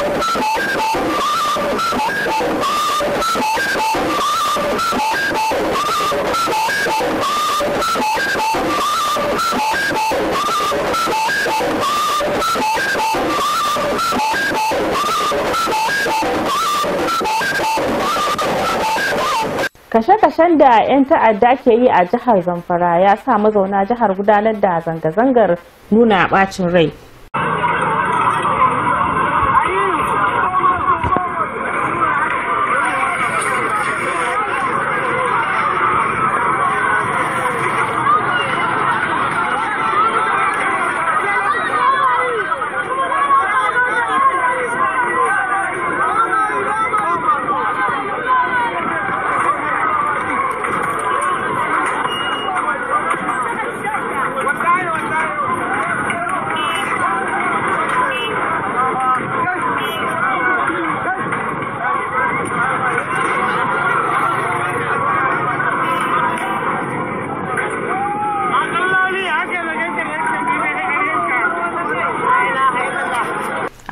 Kashe-kashen da 'yan ta'adda ke yi a jihar Zamfara ya sa mazauna jihar gudanar da zanga-zangar nuna bacin rai.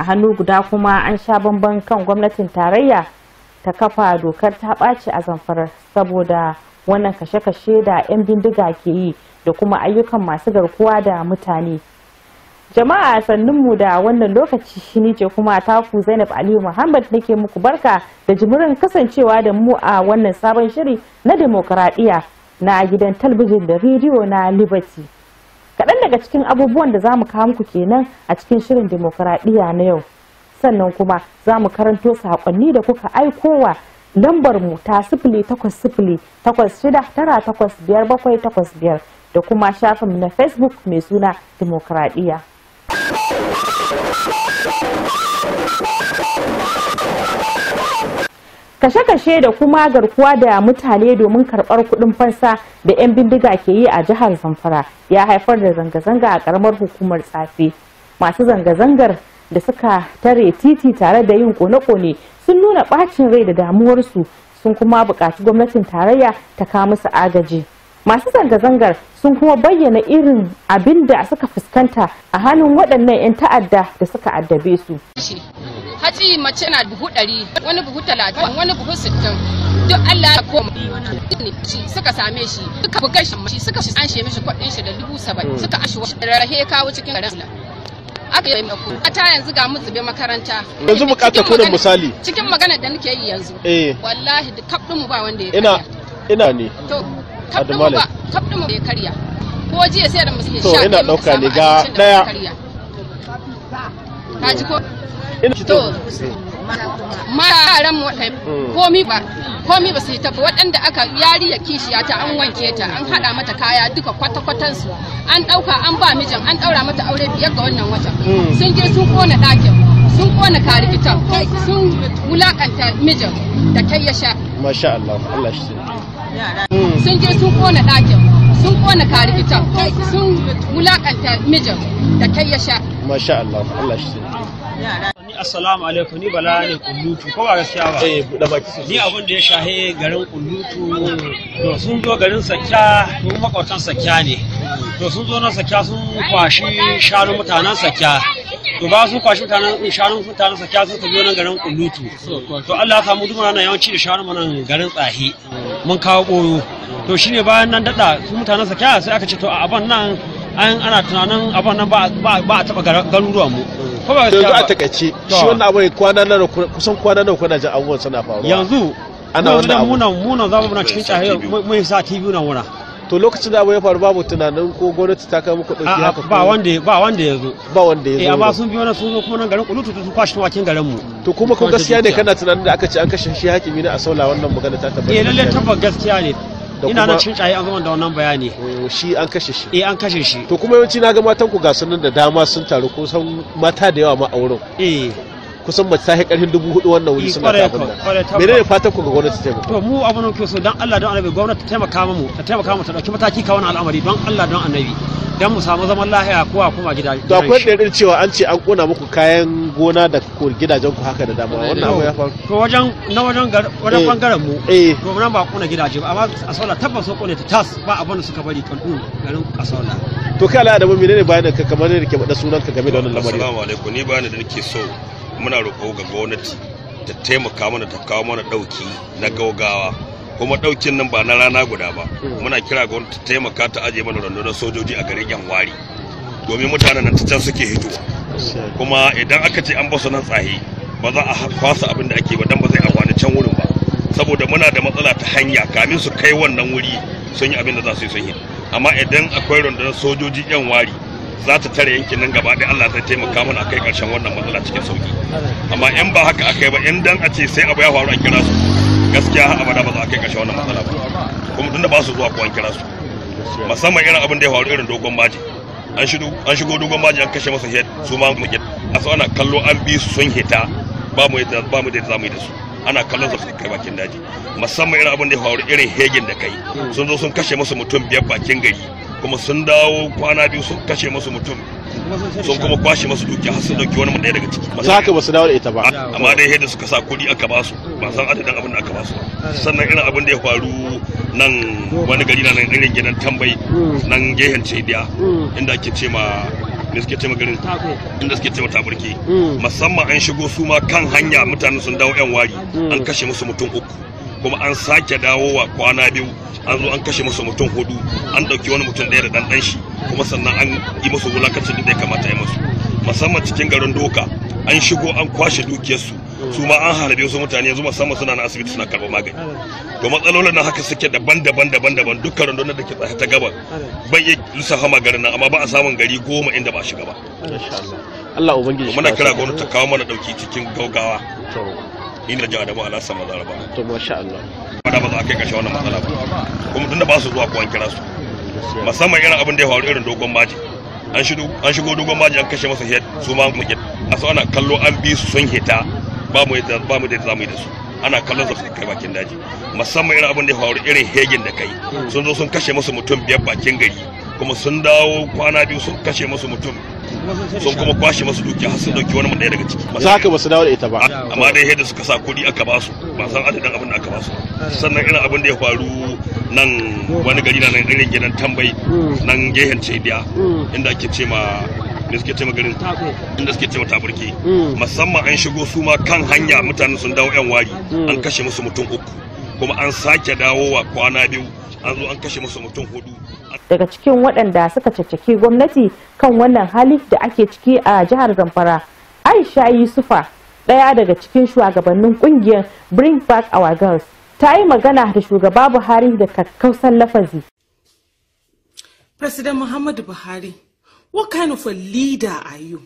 hannu guda kuma an sha bamban kan gwamnatin tarayya ta kafa dokar ta ɓaci a zamfara saboda wannan kashe-kashe da 'yan bindiga ke yi da kuma ayyukan masu garkuwa da mutane jama'a sannunmu da wannan lokaci shi ce kuma taku zainab aliyu muhammad nake muku barka da jimirin kasancewa da mu a wannan sabon shiri na demokaradiyya na gidan talbijin da rediyo na liberty kaɗan daga cikin abubuwan da za mu kawo muku kenan a cikin shirin demokuraɗiyya na yau sannan kuma za mu karanto saƙonni da kuka aikowa lambar mu ta sifili takwas sifili takwas shida tara takwas biyar bakwai takwas biyar da kuma shafin na facebook mai suna dimokuraɗiyya. kashe-kashe da kuma garkuwa da mutane domin karbar kudin fansa da 'yan bindiga ke yi a jihar zamfara ya haifar da zanga-zanga a karamar hukumar tsafi masu zanga-zangar da suka tare titi tare da yin kone-kone sun nuna bacin rai da damuwarsu sun kuma bukaci gwamnatin tarayya ta ka musu agaji. masu zanga-zangar sun kuma bayyana irin abin da suka fuskanta a hannun waɗannan 'yan ta'adda da suka addabe su. Haji mace na buhu ɗari, wani buhu talatin, wani buhu sittin, duk Allah ya koma suka same shi, suka buga shi, suka shi an mashi kwaɗin shi da dubu saba'in, suka ashe wasu rarrahe kawo cikin garin aka yi mako a ta yanzu ga mu zube makaranta yanzu bukatar kuɗin misali cikin magana da nake yi yanzu eh. wallahi da kaf mu ba wanda ya ina ina ne to kaf ɗinmu ba bai karya ko jiya sai da musu sha to ina ɗauka ne ga ɗaya ka ji ko to yaran mu waɗai hmm. komi ba komi ba su yi tafi waɗanda aka yari ya kishiya ta an wanke ta an haɗa mata kaya duka kwata-kwatan su an ɗauka an ba mijin an ɗaura mata aure biyar ga wannan watan hmm. sun je sun kona ɗakin sun kona karikitan sun wulakanta mijin da kai ya sha masha Allah Allah shi sun je sun kona ɗakin sun kona karikitan sun wulakanta mijin da kai ya sha masha Allah Allah shi ni assalamu alaikum ni bala ne kullutu ko ba gaskiya ba eh buɗe baki ni abin da ya shahe garin kullutu to sun zo garin sakya to makwatan sakya ne to sun zo na sakya sun kwashi shanu mutanen sakya to ba su kwashi mutanen shanun mutanen sakya sun su nan garin kullutu to Allah ya samu duk nan yawanci da shanu mana garin tsahi mun kawo koyo to shine bayan nan dada su mutanen sakiya sai aka ce to a aban nan an ana tunanin aban nan ba a taba garuruwan mu. yanzu a takaice shi wannan abu kwana nan kusan kwana nan kwana jin abubuwan suna faruwa yanzu ana wannan abu munan munan zamu muna cikin mu yi sa tv na wuna to lokacin da abu ya faru babu tunanin ko gwamnati ta kai muku dauki haka ba wanda ba wanda ya zo ba wanda ya zo eh amma sun biyo na sun zo kuma nan garin kulutu sun kwashi wakin garin mu to kuma ko gaskiya ne kana tunanin da aka ce an kashe shi hakimi a Saula wannan magana ta tabbata eh lalle tabbata gaskiya ne ina nan cin tsaye an zama da wannan bayani oh, shi an kashe shi eh an kashe shi to kuma yawanci na ga matan ku ga sunan da dama sun taru ko san mata da yawa ma a wurin eh kusan mace ta karfin dubu hudu wannan wuri eh, suna ta abin nan menene fatan ku ga gwamnati ta to mu abin nan ke so dan Allah don annabi gwamnati ta taimaka mu ta taimaka mu ta dauki mataki ka wannan al'amari don Allah don annabi dan mu samu zaman lahiya kowa kuma gida to akwai ɗaiɗin cewa an ce an kona muku kayan gona da gidajen ku haka da dama eh, wannan abu ya faru to wajen na wajen wajen bangaren eh. mu to mun ba kona gidaje ba amma a sola tabbas sun kone ta tas ba abin da suka bari kan garin asola to kai ala da mu menene bayanin ka kamar ne da ke bada sunan ka game da wannan lamari assalamu alaikum ni bayanin da nake so muna roƙo ga gwamnati ta taimaka mana ta kawo mana ɗauki na gaugawa kuma ɗaukin nan ba na rana guda ba muna kira gwamnati ta taimaka ta ajiye mana rundunar sojoji a garin wari. domin mutanen nan ta can suke hito kuma idan aka ce an ba su nan tsaye ba za a kwasa abin da ake ba dan ba zai amfani can wurin ba saboda muna da matsala ta hanya kamin su kai wannan wuri sun yi abin da za su yi sun yi amma idan akwai rundunar sojoji yan wari za ta tare yankin nan gaba da Allah zai taimaka mana kai karshen wannan matsala cikin sauki amma in ba haka aka yi ba in dan a ce sai abu ya faru an kira su gaskiya har abada ba za a kai karshen wannan matsala ba kuma tunda ba su zuwa ko an kira su musamman irin abin da ya faru irin dogon maji an shigo dogon maji an kashe masa head su ma mu a ana kallo an bi su sun hita ba mu da ba mu da zamu yi da su ana kallon su kai bakin daji musamman irin abin da ya faru irin hegin da kai sun zo sun kashe masa mutum biyar bakin gari kuma sun dawo kwana biyu sun kashe masu mutum sun kuma kwashe masu dukiya har sun dauki wani ɗaya daga ciki ba haka ba su dawo da ita ba amma dai yadda suka sa kuɗi aka ba su ba san adadin abin da aka ba su ba sannan irin abin da ya faru nan wani gari na nan irin gidan tambayi nan gehen cediya inda ake ce ma da suke taimaka garin inda suke taimaka taburki hmm. musamman an shigo su ma kan hanya mutane sun dawo yan wari an kashe musu mutum uku kuma an sake wa kwana biyu an zo an kashe masa mutum hudu an dauki wani mutum ɗaya da ɗan shi kuma sannan an yi masa wulakacin da ya kamata ya masu musamman cikin garin doka an shigo an kwashe dukiyarsu su ma an harbe wasu mutane yanzu musamman suna na asibiti suna karɓar magani to matsalolin na haka suke daban-daban daban-daban dukkan rundunar da ke tsaye ta gaban ban iya lissafa garin nan amma ba a samun gari goma inda ba shiga ba Allah ubangiji muna kira gwamnati ta kawo mana dauki cikin gaugawa ni da jawa da mu alasa maza ba to masha Allah ba ba za a kai kashe wannan matsala ba kuma tunda ba su zuwa kuwan kira su musamman irin abin da ya faru irin dogon maji an shigo an shigo dogon maji an kashe masa head su ma mu a so ana kallo an bi su sun heta ba mu da ba mu da zamu yi da su ana kallon su kai bakin daji musamman irin abin da ya faru irin hegin da kai hmm. sun zo sun kashe masa mutum biyar bakin gari kuma sun dawo kwana biyu sun kashe masa mutum sun kuma kwashe masu dukiya har sun dauki wani daya daga ciki ba haka ba su dawo da ita ba ah, amma dai yadda suka sa kudi aka ba su ba san adadin abin da aka ba su sannan irin abin da ya faru nan wani gari na nan irin gidan tambayi nan gehen cediya inda ake ce ma da suke ce garin inda suke ce taburke musamman an shigo su ma kan hanya mutane sun dawo yan wari an kashe musu mutum uku kuma an sake dawowa kwana biyu an zo an kashe musu mutum hudu daga cikin waɗanda suka caccaki gwamnati kan wannan hali da ake ciki a jihar zamfara aisha yusufa ɗaya daga cikin shugabannin ƙungiyar bring back our girls ta yi magana da shugaba buhari da kakkausan lafazi president muhammadu buhari what kind of a leader are you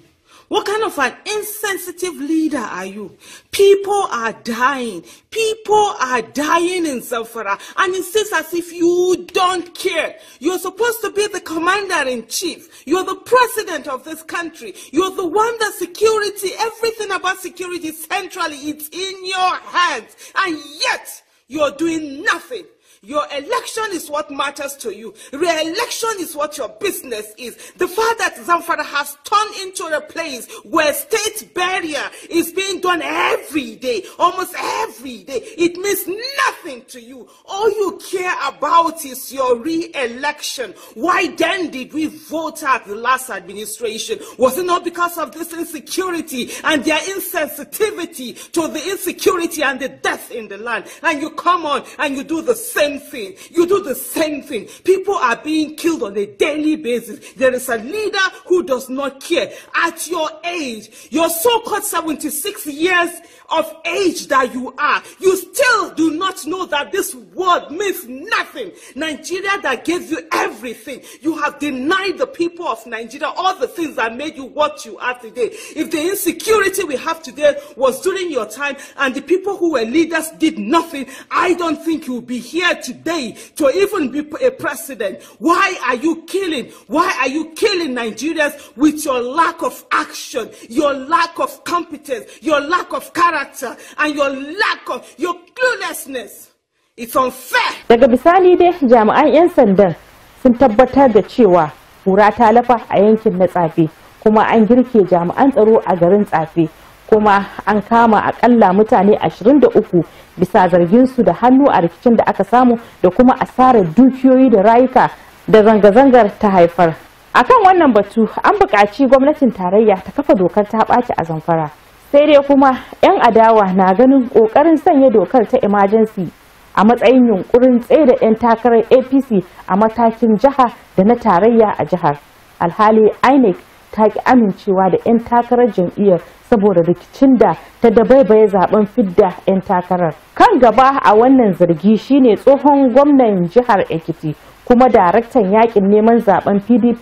What kind of an insensitive leader are you? People are dying. People are dying in Zamfara. And it seems as if you don't care. You're supposed to be the commander in chief. You're the president of this country. You're the one that security, everything about security centrally, it's in your hands. And yet, you're doing nothing. Your election is what matters to you. Re-election is what your business is. The fact that Zamfara has turned into a place where state barrier is being done every day, almost every day, it means nothing to you. All you care about is your re-election. Why then did we vote at the last administration? Was it not because of this insecurity and their insensitivity to the insecurity and the death in the land? And you come on and you do the same same thing. You do the same thing. People are being killed on a daily basis. There is a leader who does not care. At your age, your so-called 76 years of age that you are, you still do not know that this world means nothing. Nigeria that gave you everything. You have denied the people of Nigeria all the things that made you what you are today. If the insecurity we have today was during your time and the people who were leaders did nothing, I don't think you'll be here today to even be a president? Why are you killing? Why are you killing Nigerians with your lack of action, your lack of competence, your lack of character, and your lack of your cluelessness? It's unfair. Daga bisani dai jami'an 'yan sandan sun tabbatar da cewa kura ta lafa a yankin na tsafe kuma an girke jami'an tsaro a garin tsafe kuma an kama akalla mutane 23 bisa zargin su da hannu a rikicin da aka samu da kuma asarar dukiyoyi da rayuka da zanga-zangar ta haifar akan wannan batu an buƙaci gwamnatin tarayya ta kafa dokar ta ɓaci a zamfara sai dai kuma 'yan adawa na ganin ƙoƙarin sanya dokar ta emergency a matsayin yunkurin tsaye da 'yan takarar apc a matakin jiha da na tarayya a jihar alhali inec ta ki amincewa da 'yan takarar jam'iyyar saboda rikicin da ta dabaibaye zaben fidda 'yan takarar kan gaba a wannan zargi shine tsohon gwamnan jihar ekiti kuma daraktan yakin neman zaben pdp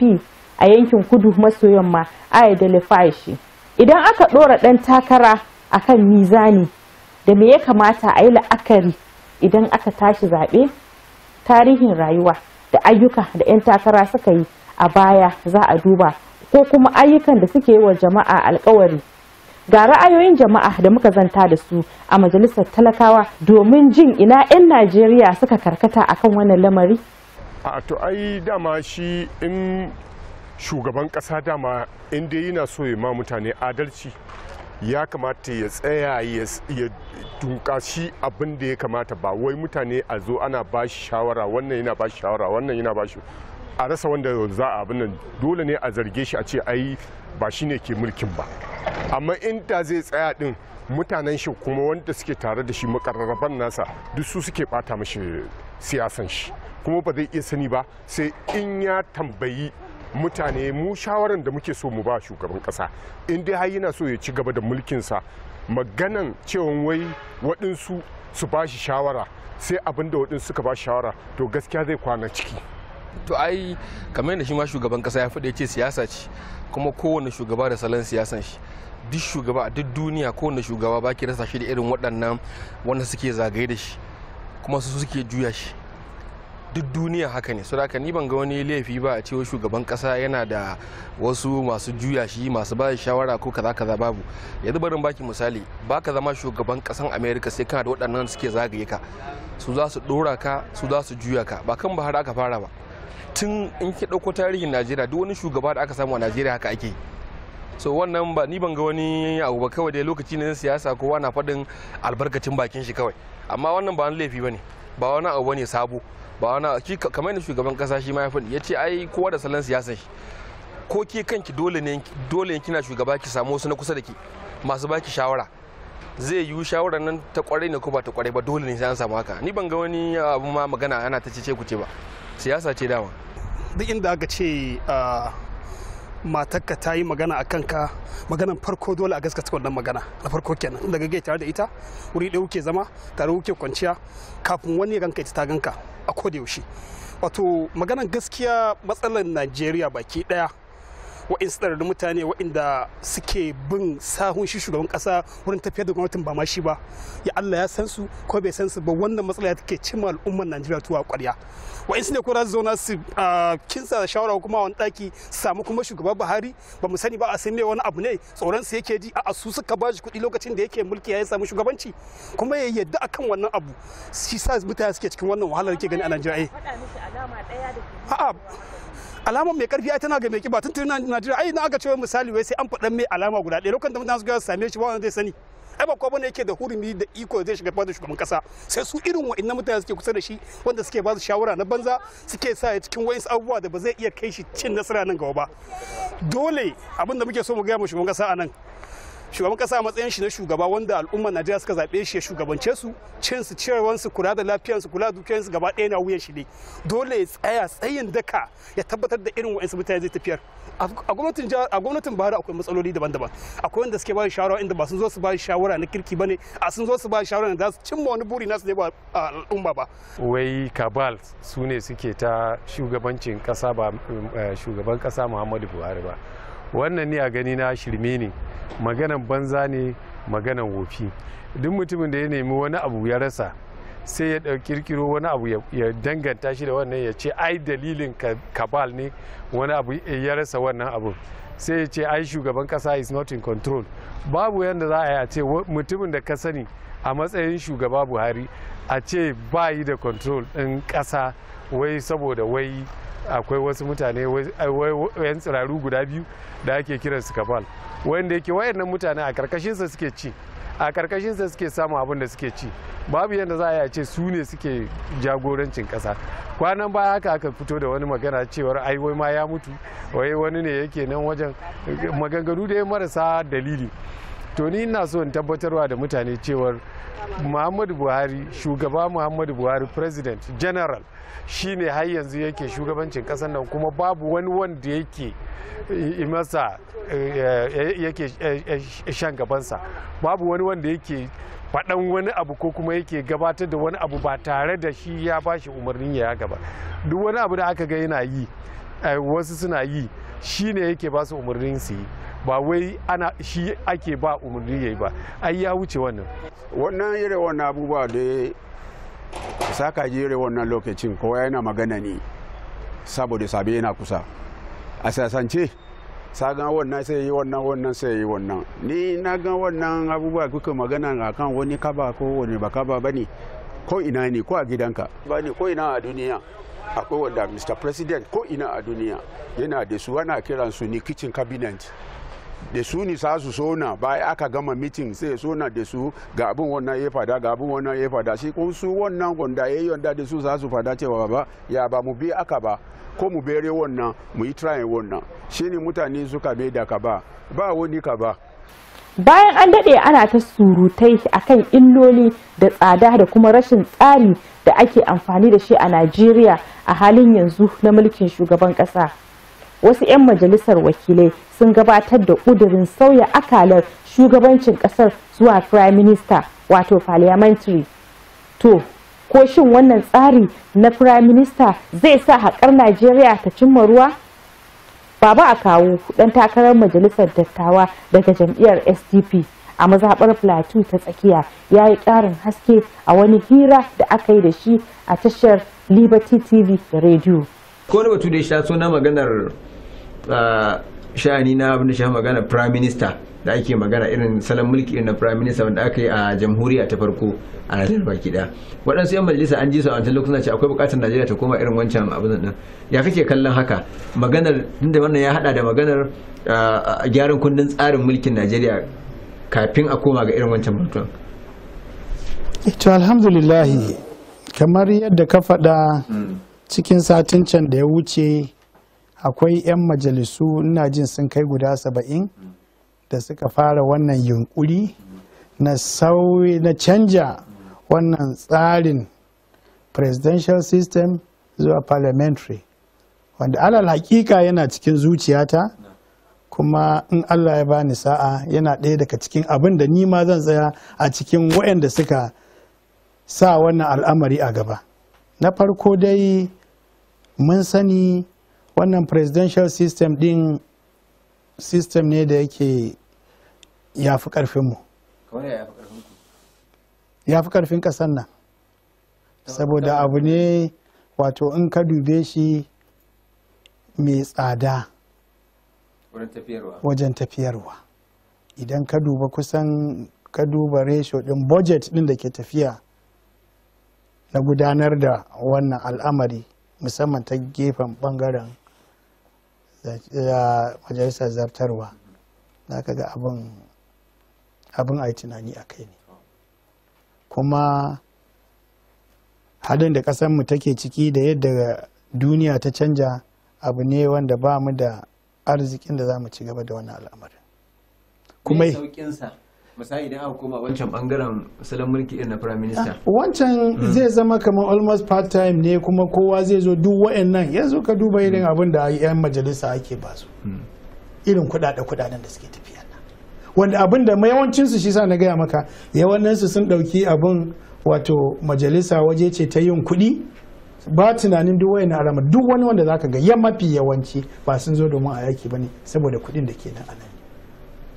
a yankin kudu maso yamma ayodele fashi idan aka ɗora ɗan takara a kan mizani da me ya kamata a yi la'akari idan aka tashi zaɓe tarihin rayuwa da ayyuka da 'yan takara suka yi a baya za a duba ko kuma ayyukan da suke yi wa jama'a alkawari ga ra'ayoyin jama'a da muka zanta da su a majalisar talakawa domin jin ina 'yan najeriya suka karkata akan wannan lamari a to ai dama shi in shugaban kasa dama in dai yana so ya ma mutane adalci ya kamata ya tsaya ya dunkashi abin da ya kamata ba wai mutane a zo ana ba shi shawara wannan yana ba shi shawara wannan yana ba shi a rasa wanda za a abin nan dole ne a zarge shi a ce ai ba shine ke mulkin ba amma inda zai tsaya din mutanen shi kuma wanda suke tare da shi makararraban nasa duk su suke bata mashi siyasan shi kuma ba zai iya sani ba sai in ya tambayi mutane mu shawaran da muke so mu ba shugaban kasa in dai har yana so ya ci gaba da mulkin sa maganan cewa wai waɗansu su ba shi shawara sai abin da waɗansu suka ba shawara to gaskiya zai kwana ciki to ai kamar yadda shi ma shugaban kasa ya faɗa ya ce siyasa ce kuma kowane shugaba da salon siyasan shi duk shugaba a duk duniya kowane shugaba ba ki rasa shi da irin waɗannan wanda suke zagaye da shi kuma su suke juya shi duk duniya haka ne saboda ni ban ga wani laifi ba a cewa shugaban kasa yana da wasu masu juya shi masu ba shawara ko kaza kaza babu yanzu barin baki misali baka zama shugaban kasan america sai kana da waɗannan suke zagaye ka su za su ɗora ka su za su juya ka ba kan ba har aka fara ba tun in ki ɗauko tarihin najeriya duk wani shugaba da aka samu a najeriya haka ake so wannan ba ni ban ga wani abu ba kawai dai lokaci ne siyasa kowa na faɗin albarkacin bakin shi kawai amma wannan ba wani laifi bane ba wani abu bane sabo ba wani ki kamar yadda shugaban kasa shi ma ya faɗi ya ce ai kowa da salon siyasa shi ko ke kanki dole ne dole kina shugaba ki samu wasu na kusa da ki masu baki shawara zai yi shawarar nan ta kwarai ne ko ba ta kwarai ba dole ne sai samu haka ni ban ga wani ah, abu ma magana ana ta ce ku ce ba siyasa ce dama duk inda aka ce ah, matarka ta yi magana a kanka maganan farko dole a gaskata wannan magana na farko kenan daga gai tare da ita wuri ɗaya kuke zama tare kuke kwanciya kafin wani ya ganka ita ta ganka a koda yaushe wato maganan gaskiya matsalar najeriya baki ɗaya wa'insu tsararrun mutane da suke bin sahun shi shugaban kasa wurin tafiyar da gwamnatin ba ma shi ba ya Allah ya san su ko bai san su ba wannan matsala ya take cimma al'ummar Najeriya tuwa kwarya su ne ko za su zauna su kinsa da shawara kuma wani daki samu kuma shugaba Buhari ba mu sani ba a san me wani abu ne tsoron su yake ji a su suka ba shi kuɗi lokacin da yake mulki ya samu shugabanci kuma ya yadda akan wannan abu shi sa mutane suke cikin wannan wahalar ke gani a Najeriya eh. a'a alama mai karfi ai tana ga mai kiba tun tun Najeriya ai na aka cewa misali wai sai an faɗan mai alama guda ɗaya lokacin da mutane suka same shi ba wanda zai sani ai ba ne bane yake da hurumi da iko zai shiga da shugaban kasa sai su irin wa'annan mutane suke kusa da shi wanda suke ba su shawara na banza suke sa ya cikin wa'insu abubuwa da ba zai iya kai shi cin nasara nan gaba ba dole abin da muke so mu gaya mu shugaban kasa a shugaban kasa matsayin shi na shugaba wanda al'umma najeriya suka zaɓe shi ya shugabance su cin su su kula da lafiyar su kula da dukiyar su gaba ɗaya na wuyan shi ne dole ya tsaya tsayin daka ya tabbatar da irin wa'ansu mutane zai tafiyar a gwamnatin jihar a gwamnatin bahar akwai matsaloli daban-daban akwai wanda suke ba shawara inda ba sun zo su ba shawara na kirki bane a sun zo su ba shawara da su cimma wani buri nasu ne ba al'umma ba wai kabal su ne suke ta shugabancin kasa ba eh, shugaban kasa muhammadu buhari ba wannan ni a gani na shirme ne maganan banza ne maganan wofi duk mutumin da ya nemi wani abu ya rasa sai ya kirkiro wani abu ya danganta shi da wannan ya ce ai dalilin kabal ne wani abu eh, ya rasa wannan abu sai ya ce ai shugaban kasa is not in control babu yadda za a yi a ce mutumin da ka sani a matsayin shugaba buhari a ce bayi da control ɗin ƙasa wai saboda wai akwai wasu mutane yan tsiraru guda biyu da ake su Kabal wanda yake wayannan mutane a karkashinsa suke ci a sa suke samun abin da suke ci babu yadda za a yi ce su ne suke jagorancin kasa kwanan baya haka aka fito da wani magana cewar ai wai ma ya mutu wai wani ne yake nan wajen maganganu da marasa dalili to ni ina so in tabbatarwa da mutane cewar muhammadu buhari shugaba muhammadu buhari president general shine har yanzu yake shugabancin kasar nan kuma babu wani wanda yake eh, masa eh, yake eh, shan gabansa babu wani wanda yake faɗan wani abu ko kuma yake gabatar da wani abu ba tare da shi ya bashi umarnin ya gaba duk wani abu da aka ga yana yi wasu suna yi shi ne yake ba su umarnin su yi ba wai ana shi ake ba umarni ya yi ba ai ya wuce wannan wannan irin wannan abubuwa da saka jere wannan lokacin kowa yana magana ne saboda sabi yana kusa a sasance sagan wannan sai yi wannan wannan sai yi wannan ni na ga wannan abubuwa kuka magana a kan wani kaba ko wani ba kaba ba ne ko ina ne ko a gidanka ba ne ko ina a duniya akwai wanda mr president ko ina a duniya yana da su ana kiransu ni kitchen cabinet da su ne su sona bayan aka gama mitin sai sona da su ga abin wannan ya fada ga abin wannan ya fada shi kun su wannan gonda ya yi da su za su fada cewa ba ya ba mu bi aka ba ko mu bere wannan mu yi trying wannan shi ne mutane suka bai da ka ba ba wani ka ba bayan an daɗe ana ta surutai a kan illoli da tsada da kuma rashin tsari da ake amfani da shi a najeriya a halin yanzu na mulkin shugaban ƙasa wasu 'yan majalisar wakilai sun gabatar da ƙudurin sauya akalar shugabancin ƙasar zuwa prime minister wato parliamentary to ko shin wannan tsari na prime minister zai sa haƙar najeriya ta cimma ruwa baba a kawo ɗan takarar majalisar dattawa daga jam'iyyar sdp a mazaɓar plateau ta tsakiya ya yi ƙarin haske a wani hira da aka yi da shi a tashar liberty tv da rediyo ko na batu da ya sha suna maganar ah, sha'ani na abin da shi magana prime minister da ake magana irin salon mulki irin na prime minister wanda aka yi a jamhuriya ta farko a najeriya baki daya waɗansu yan majalisa an ji su a wancan lokacin ce akwai buƙatar najeriya ta koma irin wancan abin nan ya kake kallon haka maganar tunda wannan ya hada da maganar a gyaran kundin tsarin mulkin najeriya kafin a koma ga irin wancan mutum to alhamdulillah kamar yadda ka faɗa hmm. cikin satin can da ya wuce akwai 'yan majalisu ina jin sun kai guda saba'in da suka fara wannan yunkuri na sauyi na canja wannan tsarin presidential system zuwa parliamentary wanda alal hakika yana cikin zuciyata kuma in allah ya bani sa'a yana ɗaya daga cikin abin da ni ma zan tsaya a cikin waɗanda suka sa wannan al'amari a gaba na farko dai mun sani wannan presidential system din system ne da yake ya fi ƙarfinmu ya fi ƙarfin ƙasar nan saboda abu ne wato in ka dube shi mai tsada wajen tafiyarwa idan ka duba kusan ka duba ratio din budget din da ke tafiya na gudanar da wannan al'amari musamman ta gefen bangaren da majalisar zartarwa za ka ga abin a yi tunani a kai ne kuma halin da ƙasarmu take ciki da yadda duniya ta canja abu ne wanda ba mu da arzikin da za mu ci gaba da wani al'amarin kuma misali idan aka koma wancan bangaren salon mulki irin na prime minister ah, wancan hmm. zai zama kamar almost part time ne kuma kowa zai zo duk wa'annan yanzu ka duba hmm. irin abin da yan majalisa ake ba su hmm. irin kudaden kudaden da suke tafiya wanda abin da yawancin su shi sa na gaya maka yawancin su sun dauki abin wato majalisa waje ce ta yin kuɗi ba tunanin duk wani arama duk wani wanda zaka ga ya mafi yawanci ba sun zo domin a yaki bane saboda kuɗin da ke nan a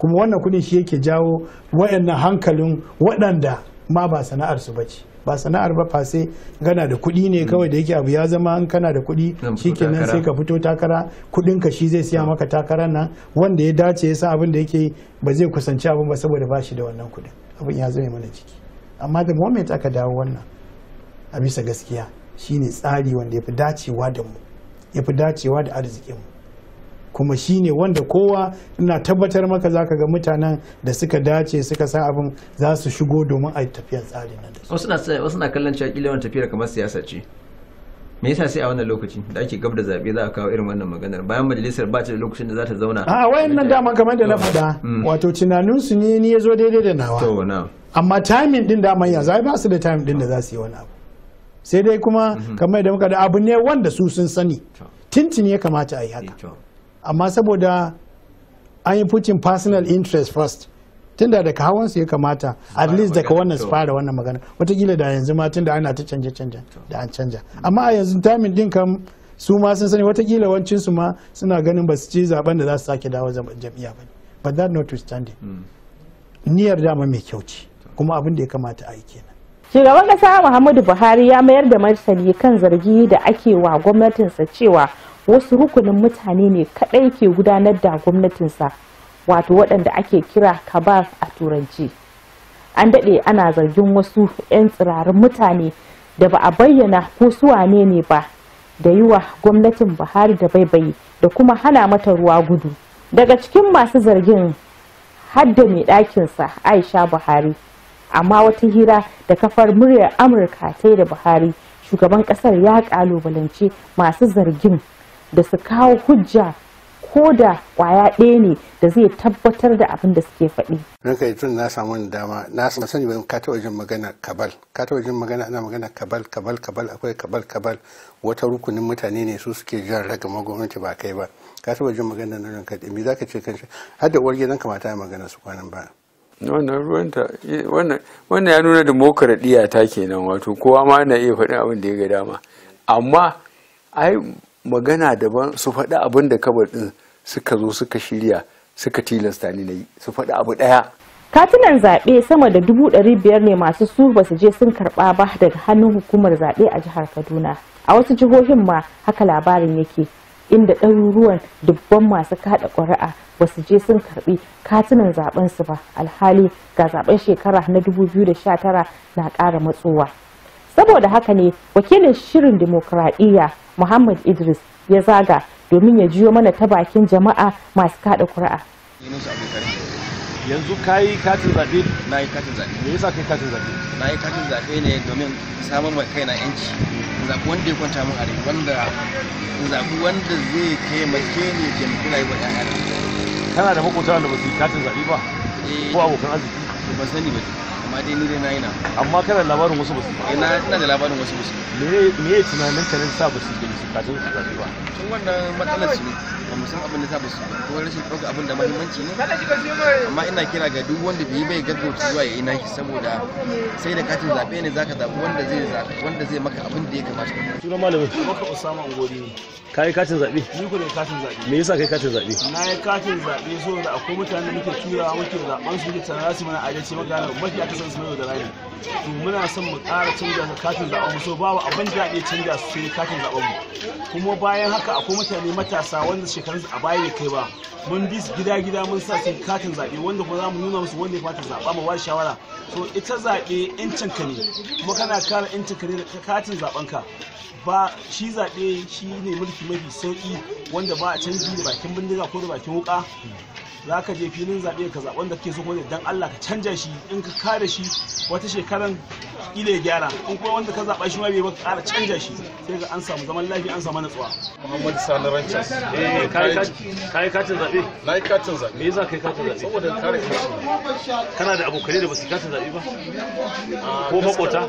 kuma wannan kudin shi yake jawo wayannan hankalin waɗanda ma ba sana'ar su bace ba sana'ar ba face gana da kuɗi ne mm. kawai da yake abu ya zama in kana da kuɗi shikenan sai ka fito takara kuɗin ka shi zai siya mm. maka takarar nan wanda ya dace ya san abin da yake ba zai kusanci abin ba saboda ba shi da wannan kuɗin abin ya zama mana ciki amma da moment aka dawo wannan a bisa gaskiya shine tsari wanda ya fi dacewa da mu ya fi dacewa da arzikinmu kuma shine wanda kowa ina tabbatar maka zaka ga mutanen da suka dace suka sa abin za su shigo domin a tafiya tsarin nan wasu na wasu na kallon cewa kila wannan tafiyar kamar siyasa ce me yasa sai a wannan lokaci da ake gab da zabe za a kawo irin wannan maganar bayan majalisar ba ta da lokacin da za ta zauna a nan dama kamar da na faɗa mm. wato tunanin su ne ni yazo daidai da nawa to na amma timing din da ya zai ba su da timing din da za su yi wani abu sai dai kuma mm-hmm. kamar da muka da abu ne wanda su sun sani tintini ya kamata a yi haka amma saboda an yi putin personal interest first tunda daga hawansu ya kamata at least daga wannan su fara wannan magana watakila da yanzu ma tunda ana ta canje canje da an canja amma a yanzu tamin din kam su ma sun sani watakila wancin su ma suna ganin ba su ci zaben da za su sake dawo jam'iyya ba but that notwithstanding hmm. niyyar dama mai kyau ce kuma abin da ya kamata a yi kenan shugaban kasa muhammadu buhari ya mayar da martani kan zargi da ake wa gwamnatinsa cewa wasu rukunin mutane ne kadai ke gudanar da gwamnatinsa wato waɗanda ake kira kabar a turanci an daɗe ana zargin wasu 'yan tsirarin mutane da ba a bayyana ko suwa ne ba da yi wa gwamnatin buhari da baibayi da kuma hana mata ruwa gudu daga cikin masu zargin hadda mai ɗakinsa aisha buhari amma wata hira da kafar muryar amurka ta yi da buhari shugaban ƙasar ya ƙalubalance masu zargin da su kawo hujja ko da kwaya ɗaya ne da zai tabbatar da abin da suke faɗi. Nan yi tun na samu dama na samu sani ba ka taɓa jin magana kabal ka taɓa jin magana ana magana kabal kabal kabal akwai kabal kabal wata rukunin mutane ne su suke jan ragama gwamnati ba kai ba ka taɓa jin magana na ranka ɗin me za ka ce kan shi har da uwar gidan kamata ya magana su kwanan ba. wannan ruwanta wannan ya nuna dimokuraɗiyya ta kenan wato kowa ma na iya faɗin abin da ya ga dama amma ai magana daban su faɗi abin da kabar ɗin suka zo suka shirya suka tilasta ni na yi su faɗi abu ɗaya katunan zaɓe sama da dubu ɗari biyar ne masu su ba su je sun karɓa ba daga hannun hukumar zaɓe a jihar kaduna a wasu jihohin ma haka labarin yake inda ɗaruruwan dubban masu kaɗa ƙuri'a ba su je sun karɓi katunan zaɓensu ba alhali ga zaɓen shekara na tara na ƙara matsowa. saboda haka ne wakilin shirin dimokuraɗiyya muhammad idris ya zaga domin ya jiyo mana ta bakin jama'a masu kada kura'a yanzu ka yi katin zaɓe na yi katin zaɓe me yasa kai katin zaɓe na yi katin zaɓe ne domin samun mai kai na yanci zaɓi wanda ya kwanta min a rai wanda zaɓi wanda zai taimake na yi wa ƴaƴana kana da makota wanda ba su yi katin zaɓe ba eh. ko abokan arziki ba sani ba amma dai ni dai na yi na amma kana labarin wasu basu ina eh, ina da labarin wasu basu me me tunanin ka ne sa basu da su kafin su zabe ba tun wannan matsalar su ne ba mu san abin da sa basu ko rashin ɗaukar abin da muhimmanci ne amma ina kira ga duk wanda bai bai gaggauta zuwa yayi nashi saboda sai da katin zabe ne zaka zabi wanda zai wanda zai maka abin da ya kamata sunan malamin maka Usama Ngori ne kai katin zabe ni ko ne katin zabe me yasa kai katin zabe na yi katin zabe saboda akwai mutane da muke tura muke zaben su muke tsara su mana adalci maka mafi akasari san su da rani to muna son mu ƙara canja da kafin zaɓen mu so babu abin da ake canja su sai kafin zaɓen mu kuma bayan haka akwai mutane matasa wanda shekarun a baya ne kai ba mun bi su gida gida mun sa su kafin zaɓe wanda kuma za mu nuna musu wanda ya fata zaɓa mu wani shawara so ita zaɓe yancin ka ne kuma kana kare yancin ka ne da katin zaɓen ka ba shi zaɓe shi ne mulki mafi sauƙi wanda ba a canji da bakin bindiga ko da bakin wuƙa za ka je filin zaɓe ka zaɓen wanda ke so kone don Allah ka canja shi in ka kare shi wata shekaran ile ya gyara in kuma wanda ka zaɓa shi ma bai baka ƙara canja shi sai ga an samu zaman lafiya an samu natsuwa. Muhammad Sani Ranchas. Eh, eh, eh kayi katin zaɓe. Na yi katin zaɓe. Me yasa kai katin zaɓe? Saboda kare katin. Kana da abokanai da ba su katin zaɓe ba? Ah, Ko maƙota.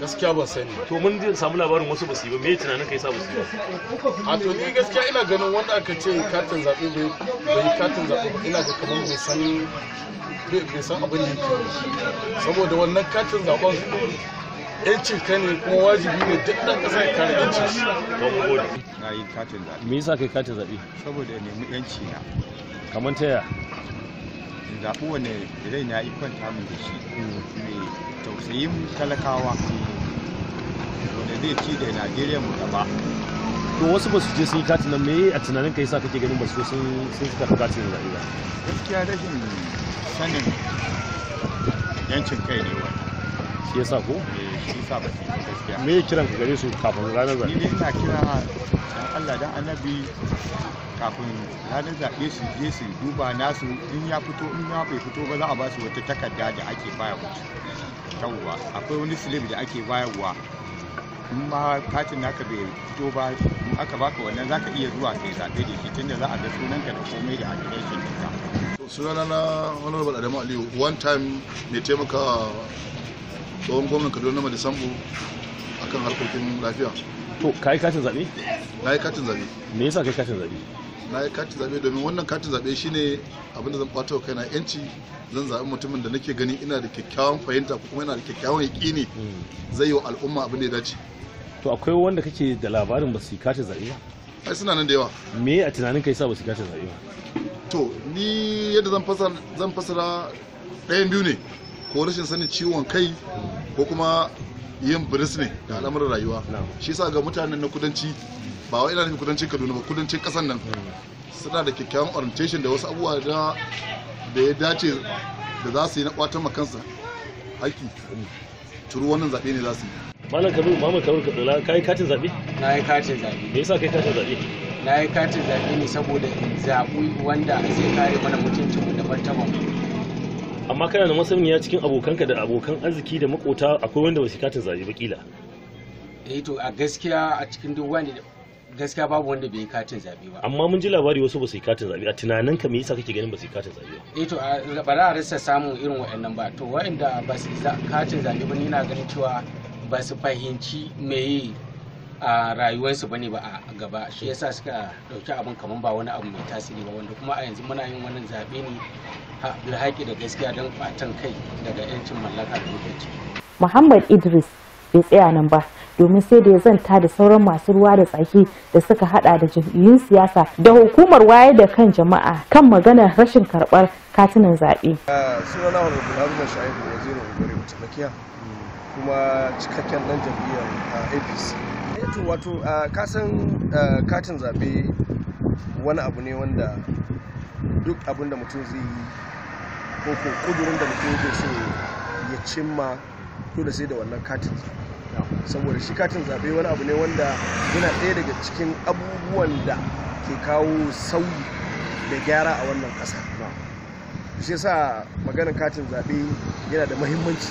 Gaskiya ban sani. To mun samu labarin wasu ba su yi ba me tunanin kai sa ba su yi ba? A to ni gaskiya ina ganin wanda aka ce katin zaɓe bai katin zaɓe ba. ina ga kamar mai san san abin da yake saboda wannan katin zaben yancin ka ne kuma wajibi ne duk ɗan ƙasa ya kare yancin shi na yi katin zaɓe me yasa kai katin zaɓe saboda ya nemi yanci na kamar ta yaya zaɓi wane rai na ikon tamu da shi mai hmm. tausayin talakawa wanda zai ci da najeriya mu gaba to wasu ba su je sun yi katin nan me a tunanin ka sa kake ganin ba su sun sun suka katin zaɓe ba gaskiya rashin sanin yancin kai ne wani shi yasa ko eh, shi yasa ba shi gaskiya me kiran ka gare su kafin ranar zaɓe ni ina kira dan Allah dan annabi kafin ranar zaɓe su je su duba nasu in ya fito in ya bai fito ba za a ba su wata takarda da ake bayarwa yawwa akwai wani slip da ake bayarwa in ma katin naka bai fito ba in aka baka wannan zaka iya zuwa kai zaɓe da shi tunda za a ga sunan ka da komai da adireshin ɗinka. sunana na honorable adamu aliyu one time mai taimaka tsohon gwamnan kaduna na madisambu akan harkokin lafiya to kai katin zaɓe na yi katin zaɓe me yasa kai katin zaɓe na yi katin zaɓe domin wannan katin zaɓe shine abin da zan ɓata wa kaina yanci zan zaɓi mutumin da nake gani ina da kyakkyawan fahimta ko kuma yana da kyakkyawan yaƙini hmm. zai yi wa al'umma abin da ya dace to akwai wanda kake da labarin ba su kace zaɓe ba ai suna nan da yawa me a tunanin kai sa ba su kace zaɓe ba to ni yadda zan fasara zan fasara ɗayan biyu ne ko rashin sanin ciwon kai ko kuma yin biris ne da al'amuran rayuwa shi yasa ga mutanen na kudanci ba wai ina nufin kudancin Kaduna ba kudancin ƙasar nan hmm. suna da kyakkyawan orientation da wasu abubuwa da da ya dace da za su yi na ƙwatan makansa haƙi hmm. turu wannan zaɓe ne za su yi malam kabiru malam kabiru ka kai katin zabe na yi katin zabe me yasa kai katin zabe na yi katin zabe ne saboda in zaɓi wanda zai kare mana mu da martaban amma kana da masaniya cikin abokanka da abokan arziki da makota akwai wanda ba su katin zabe ba kila eh to a gaskiya a cikin duk wani gaskiya babu wanda bai yi katin zabe ba amma mun ji labari wasu ba su yi katin zabe a tunanin ka me yasa kake ganin ba su yi katin zabe ba eh to ba za a rasa samun irin waɗannan ba to waɗanda ba su yi katin zabe ba ni na ganin cewa ba su fahimci meye a rayuwarsu bane ba a gaba shi yasa suka dauki abin kamar ba wani abu mai tasiri ba wanda kuma a yanzu muna yin wani zaɓe ne haƙi da gaskiya don fatan kai daga 'yancin mallaka da muke Muhammad Idris bai tsaya nan ba domin sai da ya zanta da sauran masu ruwa da tsaki da suka hada da jam'iyyun siyasa da hukumar wayar da kan jama'a kan maganar rashin karbar katunan zaɓe. Ah, sunana kuma cikakken dan jam'iyyar uh, apc eh to wato uh, kasan uh, katin zaɓe wani abu ne wanda duk abin da mutum zai yi ko ko kudurin da mutum yake so ya cimma dole sai da wannan katin saboda shi katin zaɓe wani abu ne wanda yana ɗaya daga cikin abubuwan da ke kawo sauyi da gyara a wannan ƙasa shi sa maganin katin zaɓe yana da mahimmanci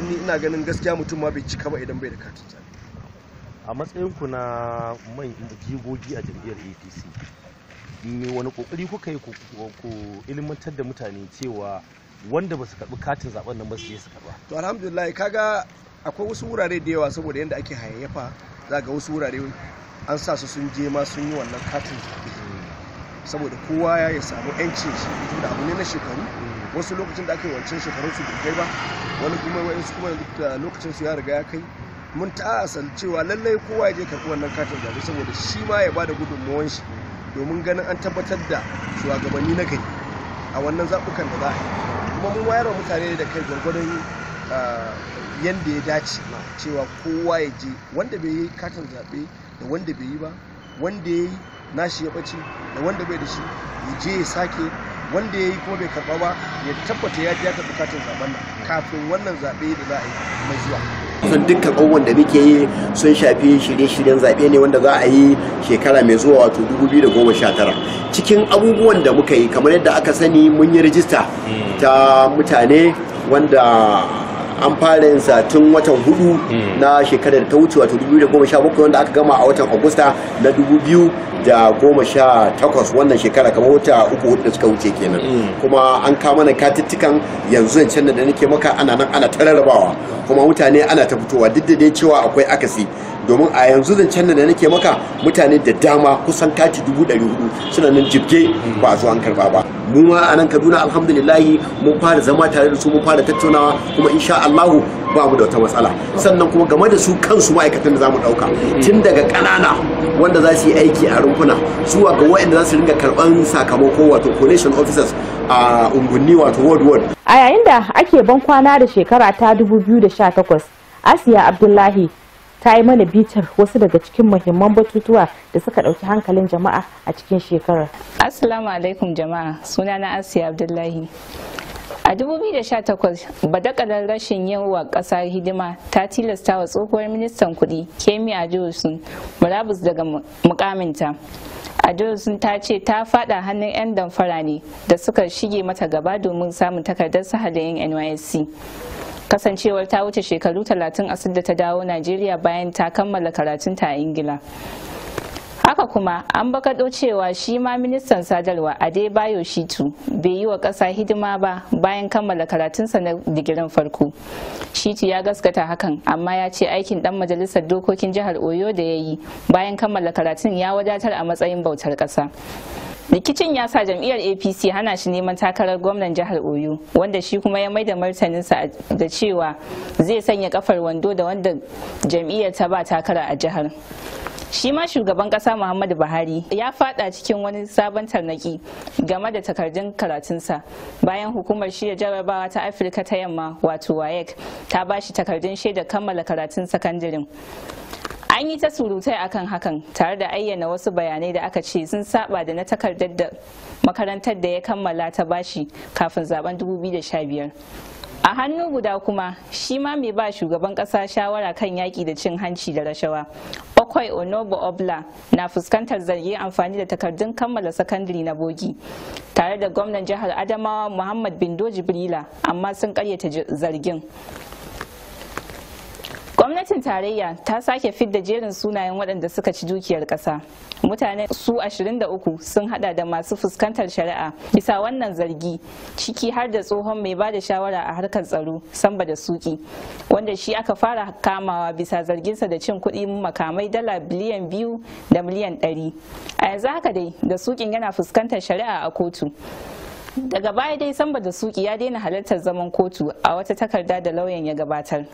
don ni ina ganin gaskiya mutum ma bai cika ba idan bai da katin zaɓe a matsayin ku na mai jigogi a jam'iyyar apc ni wani kokari kuka yi ku ilmantar da mutane cewa wanda ba su karɓi katin zaben nan ba su je su karɓa to alhamdulillah kaga akwai wasu wurare da yawa saboda yadda ake hayayyafa za ga wasu wurare an sa su sun je ma sun yi wannan katin zaɓe mm. saboda kowa ya samu 'yancin shi da abu ne na shekaru wasu lokacin da aka yi wancan shekarun su bai kai ba wani kuma wayansu kuma lokacin su ya riga ya kai mun ta asal cewa lallai kowa ya je karɓi wannan katin zaɓe saboda shi ma ya bada gudunmawan shi domin ganin an tabbatar da shugabanni na gari a wannan zaɓukan da za a yi kuma mun wayar wa mutane da kai gwargwadon yadda ya dace cewa kowa ya je wanda bai yi katin zaɓe da wanda bai yi ba wanda ya yi nashi ya ɓace da wanda bai da shi ya je ya sake wanda ya yi ko bai karɓa ba ya tabbata ya biya ka bukatun zaben nan kafin wannan zaɓe da za a yi mai zuwa sun dukkan abubuwan da muke yi sun shafi shirye-shiryen zaɓe ne wanda za a yi shekara mai zuwa wato 2019 cikin abubuwan da muka yi kamar yadda aka sani mun yi rijista ta mutane wanda an fara yin satin watan hudu hmm. na shekarar ta wuce wato 2017 wanda aka gama a watan agusta na 2018 wannan shekara kamar wata uku hudu da suka wuce kenan hmm. kuma an kama na katittikan yanzu yancan da nake maka ana nan ana ta rarrabawa kuma mutane ana ta fitowa duk da dai cewa akwai akasi domin a yanzu zancen da nake maka mutane da dama kusan kati dubu ɗari hudu suna nan jibge ba a zo an karba ba mu ma a nan kaduna alhamdulillahi mun fara zama tare da su mun fara tattaunawa kuma insha allahu ba mu da wata matsala sannan kuma game da su kansu ma'aikatan da za mu ɗauka tun daga ƙanana wanda za su yi aiki a rumfuna zuwa ga waɗanda za su ringa karɓar sakamako wato collation officers a unguwanni wato ward ward a yayin da ake ban kwana da shekara ta 2018 asiya abdullahi ta yi mana bitar wasu daga cikin muhimman batutuwa da suka ɗauki hankalin jama'a a cikin shekarar. Assalamu alaikum jama'a suna na Asiya Abdullahi. A 2018 badakalar rashin yin wa ƙasa hidima ta tilasta wa tsohuwar ministan kuɗi Kemi Adeosun murabus daga mukaminta. Adeosun ta ce ta faɗa hannun 'yan damfara ne da suka shige mata gaba domin samun takardar sahalin NYSC. kasancewar ta wuce shekaru 30 a da ta dawo najeriya bayan ta kammala karatunta a ingila haka kuma an bakaɗo cewa shi ma ministan sadarwa adebayo shitu bai yi wa ƙasa hidima ba bayan kammala karatunsa na digirin farko shitu ya gaskata hakan amma ya ce aikin ɗan majalisar dokokin jihar oyo da ya yi bayan kammala karatun ya wadatar a matsayin bautar ƙasa rikicin ya sa jam'iyyar apc hana shi neman takarar gwamnan jihar oyo wanda shi kuma ya maida martaninsa da cewa zai sanya kafar wando da wanda jam'iyyar ta ba takara a jihar shi ma shugaban kasa muhammadu buhari ya fada cikin wani sabon tarnaki game da takardun karatunsa bayan hukumar shirya jarabawa ta afirka ta yamma wato wayek ta ba shi takardun shaidar kammala karatun sakandirin an yi ta surutai akan hakan tare da ayyana wasu bayanai da aka ce sun saba da na takardar da makarantar da ya kammala ta bashi kafin zaben 2015 a hannu guda kuma shi ma mai ba shugaban kasa shawara kan yaƙi da cin hanci da rashawa okoy onobo obla na fuskantar zargi amfani da takardun kammala sakandare na bogi tare da gwamnan jihar adamawa muhammad bindo jibrila amma sun ƙaryata zargin Gwamnatin tarayya ta sake fidda jerin sunayen waɗanda suka ci dukiyar ƙasa. Mutane su 23 sun hada da masu fuskantar shari'a bisa wannan zargi ciki har da tsohon mai ba da shawara a harkar tsaro samba da suki wanda shi aka fara kamawa bisa zarginsa da cin kuɗi makamai dala biliyan biyu da miliyan ɗari. A yanzu haka dai da sukin yana fuskantar shari'a a kotu. Daga baya dai samba da suki ya daina halartar zaman kotu a wata takarda da lauyan ya gabatar.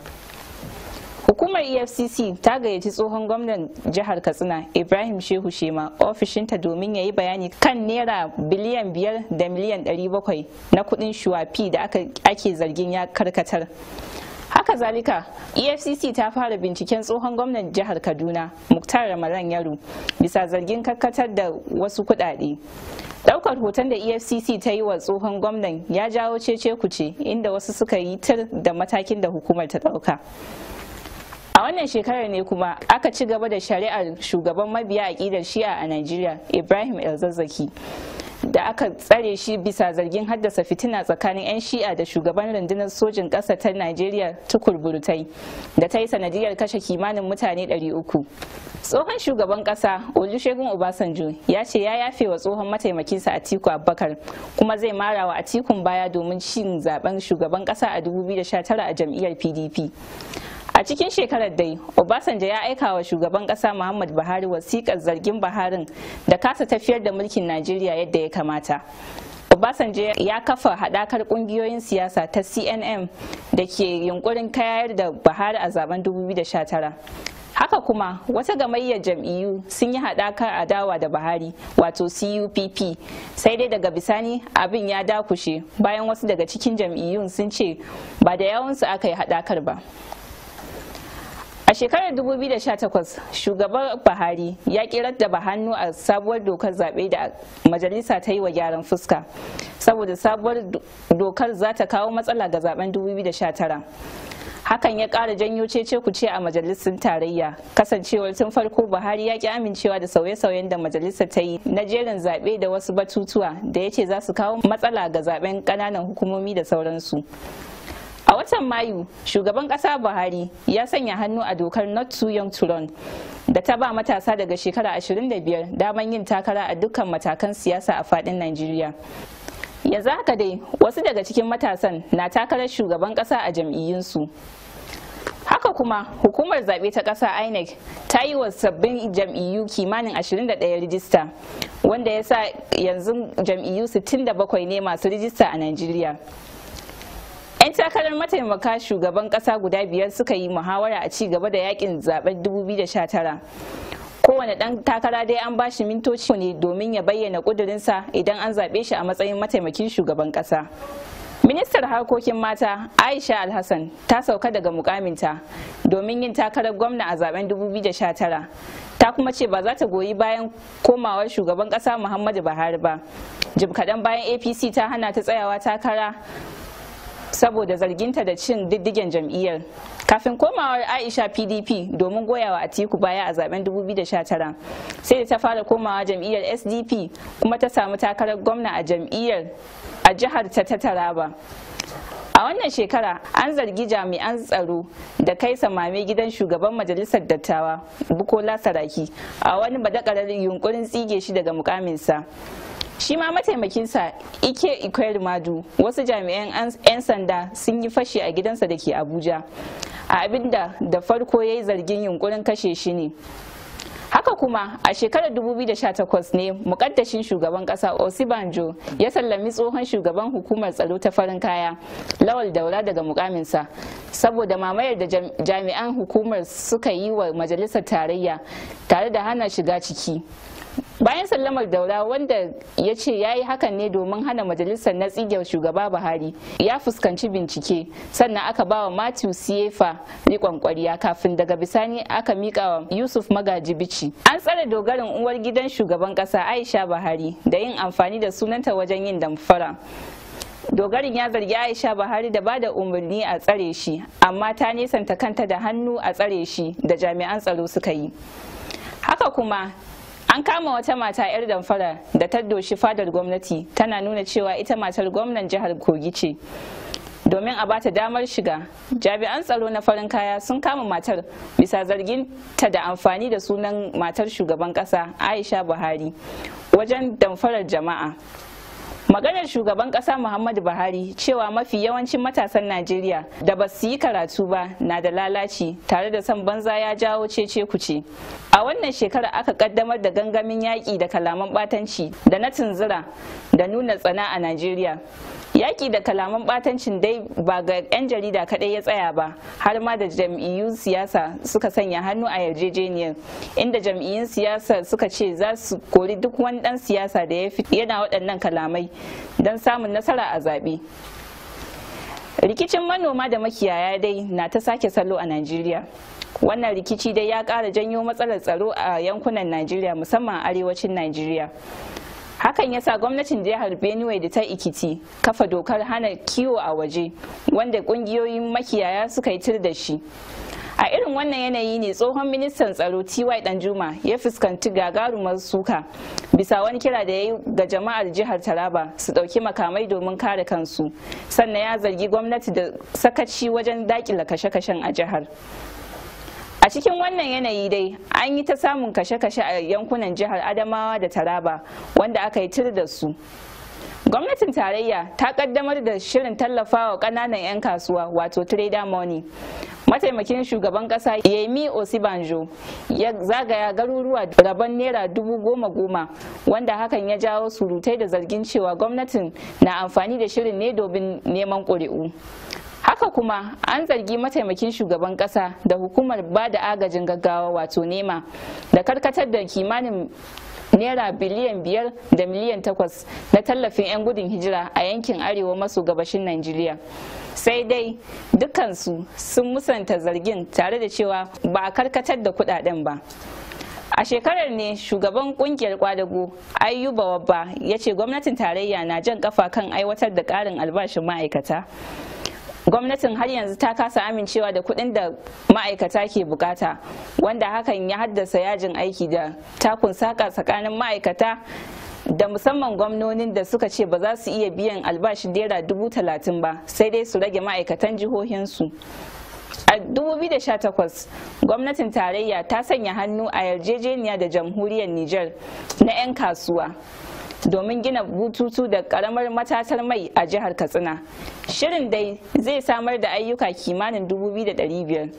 Hukumar EFCC ta gayyaci tsohon gwamnan jihar Katsina Ibrahim Shehu Shema ofishinta domin ya yi bayani kan naira biliyan biyar da miliyan ɗari bakwai na kuɗin shuwafi da ake zargin ya karkatar. Haka zalika, EFCC ta fara binciken tsohon gwamnan jihar Kaduna, Muktar ramadan Yaro, bisa zargin karkatar da wasu kuɗaɗe. daukar hoton da efcc ta yi wa tsohon gwamnan ya jawo cece kuce inda wasu suka yi tir da matakin da hukumar ta ɗauka. A wannan shekarar ne kuma aka ci gaba da shari'ar shugaban mabiya aƙidar shi'a a Najeriya Ibrahim Elzazzaki. da aka tsare shi bisa zargin haddasa fitina tsakanin 'yan shi'a da shugaban rundunar sojin ƙasa ta najeriya tukur burutai da ta yi sanadiyar kashe kimanin mutane 300 tsohon shugaban ƙasa olusegun obasanjo ya ce ya yafe wa tsohon mataimakinsa atiku abubakar kuma zai mara wa atikun baya domin cin zaben shugaban ƙasa a 2019 a jam'iyyar pdp a cikin shekarar dai obasanjo ya aika wa shugaban ƙasa muhammad buhari wasiƙar zargin buharin da kasa tafiyar da mulkin najeriya yadda ya kamata obasanjo ya kafa haɗakar ƙungiyoyin siyasa ta cnm da ke yunƙurin kayar da buhari a zaben 2019 haka kuma wata gamayyar jam'iyyu sun yi haɗakar dawa da buhari wato cupp sai dai daga bisani abin ya dakushe bayan wasu daga cikin jam'iyyun sun ce ba da yawansu aka yi haɗakar ba A shekarar 2018, shugaban Buhari ya ba hannu a sabuwar dokar zaɓe da majalisa ta yi wa gyaran fuska, saboda sabuwar dokar za ta kawo matsala ga zaɓen 2019. Hakan ya ƙara janyo cece ce a majalisun tarayya, kasancewar tun farko Buhari ya ki amincewa da sauye-sauyen da majalisa ta yi na jerin zaɓe da wasu batutuwa da ya ce za su kawo matsala ga zaɓen ƙananan hukumomi da sauransu. a watan mayu shugaban ƙasa buhari ya sanya hannu a dokar not too young to run da ta ba matasa daga shekara 25 daman yin takara a dukkan matakan siyasa a faɗin najeriya yanzu haka dai wasu daga cikin matasan na takarar shugaban ƙasa a jam'iyyunsu haka kuma hukumar zaɓe ta ƙasa inec ta yi wa sabbin jam'iyyu kimanin 21 rijista wanda ya sa yanzu jam'iyyu 67 ne masu rijista a najeriya 'Yan takarar mataimaka shugaban kasa guda biyar suka yi muhawara a ci gaba da yakin zaben 2019. Kowane ɗan takara dai an ba shi mintoci ne domin ya bayyana ƙudurinsa idan an zaɓe shi a matsayin mataimakin shugaban ƙasa. Ministar harkokin mata Aisha Alhassan ta sauka daga mukaminta domin yin takarar gwamna a zaben 2019. Ta kuma ce ba za ta goyi bayan komawar shugaban kasa Muhammadu Buhari ba. Jim kaɗan bayan APC ta hana ta tsayawa takara saboda zarginta da cin diddigen jam'iyyar kafin komawar aisha pdp domin goyawa a tiku baya a zaben 2019 sai da ta fara komawa jam'iyyar sdp kuma ta samu takarar gwamna a jam'iyyar a jihar ta ta taraba a wannan shekara an zargi jami'an tsaro da kai samame gidan shugaban majalisar dattawa bukola saraki a wani badakarar yunkurin tsige shi daga mukaminsa shi ma mataimakinsa ike ikwai madu wasu jami'an 'yan sanda sun yi fashi a gidansa da ke abuja a abinda da farko ya yi zargin yunkurin kashe shi ne haka kuma a shekarar 2018 ne mukaddashin shugaban kasa osibanjo ya sallami tsohon shugaban hukumar tsaro ta farin kaya lawal daura daga mukaminsa saboda mamayar da jami'an hukumar suka yi wa majalisar tarayya tare da hana shiga ciki bayan sallamar daura wanda ya ce ya yi hakan ne domin hana majalisar na tsigiyar shugaba buhari ya fuskanci bincike sannan aka bawa matthew siefa rikon kwariya kafin daga bisani aka mika wa yusuf magaji bici an tsare dogarin uwar gidan shugaban kasa aisha buhari da yin amfani da sunanta wajen yin damfara dogarin ya zargi aisha buhari da bada umarni a tsare shi amma ta nesanta kanta da hannu a tsare shi da jami'an tsaro suka yi haka kuma an kama wata mata 'yar damfara da ta doshi fadar gwamnati tana nuna cewa ita matar gwamnan jihar kogi ce domin a bata damar shiga jami'an tsaro na farin kaya sun kama matar bisa zargin ta da amfani da sunan matar shugaban kasa aisha buhari wajen damfarar jama'a maganar shugaban kasa muhammadu buhari cewa mafi yawancin matasan najeriya da ba su yi karatu ba na da lalaci tare da san banza ya jawo cece kuce a wannan shekara aka kaddamar da gangamin yaƙi da kalaman batanci da na tunzura da nuna tsana a najeriya Yaƙi da kalaman ɓatancin dai ba ga 'yan jarida kaɗai ya tsaya ba, har ma da jam'iyyun siyasa suka sanya hannu a yarjejeniyar, inda jam'iyyun siyasa suka ce za su kori duk wani dan siyasa da ya fi yana waɗannan kalamai don samun nasara a zaɓe. Rikicin manoma da makiyaya dai na ta sake salo a Najeriya. wannan rikici dai ya kara janyo matsalar tsaro a yankunan najeriya musamman arewacin najeriya hakan ya sa gwamnatin jihar benue da ta ikiti kafa dokar hana kiwo a waje wanda kungiyoyin makiyaya suka yi tir da shi a irin wannan yanayi ne tsohon ministan tsaro ty danjuma ya fuskanci gagarumar suka bisa wani kira da ya yi ga jama'ar jihar taraba su ɗauki makamai domin kare kansu sannan ya zargi gwamnati da sakaci wajen dakila kashe-kashen a jihar a cikin wannan yanayi dai an yi ta samun kashe-kashe a yankunan jihar adamawa da taraba wanda aka yi tur da su gwamnatin tarayya ta kaddamar da shirin tallafawa kananan 'yan kasuwa wato trader money mataimakin shugaban kasa yemi osibanjo ya zagaya garuruwa rabon naira dubu goma goma wanda hakan ya jawo surutai da zargin cewa gwamnatin na amfani da shirin ne domin neman ƙuri'u haka kuma an zargi mataimakin shugaban kasa da hukumar ba da agajin gaggawa wato nema da karkatar da kimanin naira biliyan biyar da miliyan takwas na tallafin 'yan gudun hijira a yankin arewa maso gabashin Najeriya. sai dai dukansu sun musanta zargin tare da cewa ba a karkatar da kudaden ba a shekarar ne shugaban kungiyar kwadago ayuba wabba ya ce gwamnatin tarayya na jan kafa kan aiwatar da karin albashin ma'aikata gwamnatin har yanzu ta kasa amincewa da kuɗin da ma'aikata ke bukata wanda hakan ya haddasa yajin aiki da takun saka tsakanin ma'aikata da musamman gwamnonin da suka ce ba za su iya biyan albashin dera dubu talatin ba sai dai su rage ma'aikatan jihohinsu a 2018 gwamnatin tarayya ta sanya hannu a yarjejeniya da jamhuriyar niger na 'yan kasuwa domin gina bututu da karamar matatar mai a jihar katsina shirin dai zai samar da ayyuka kimanin 2,500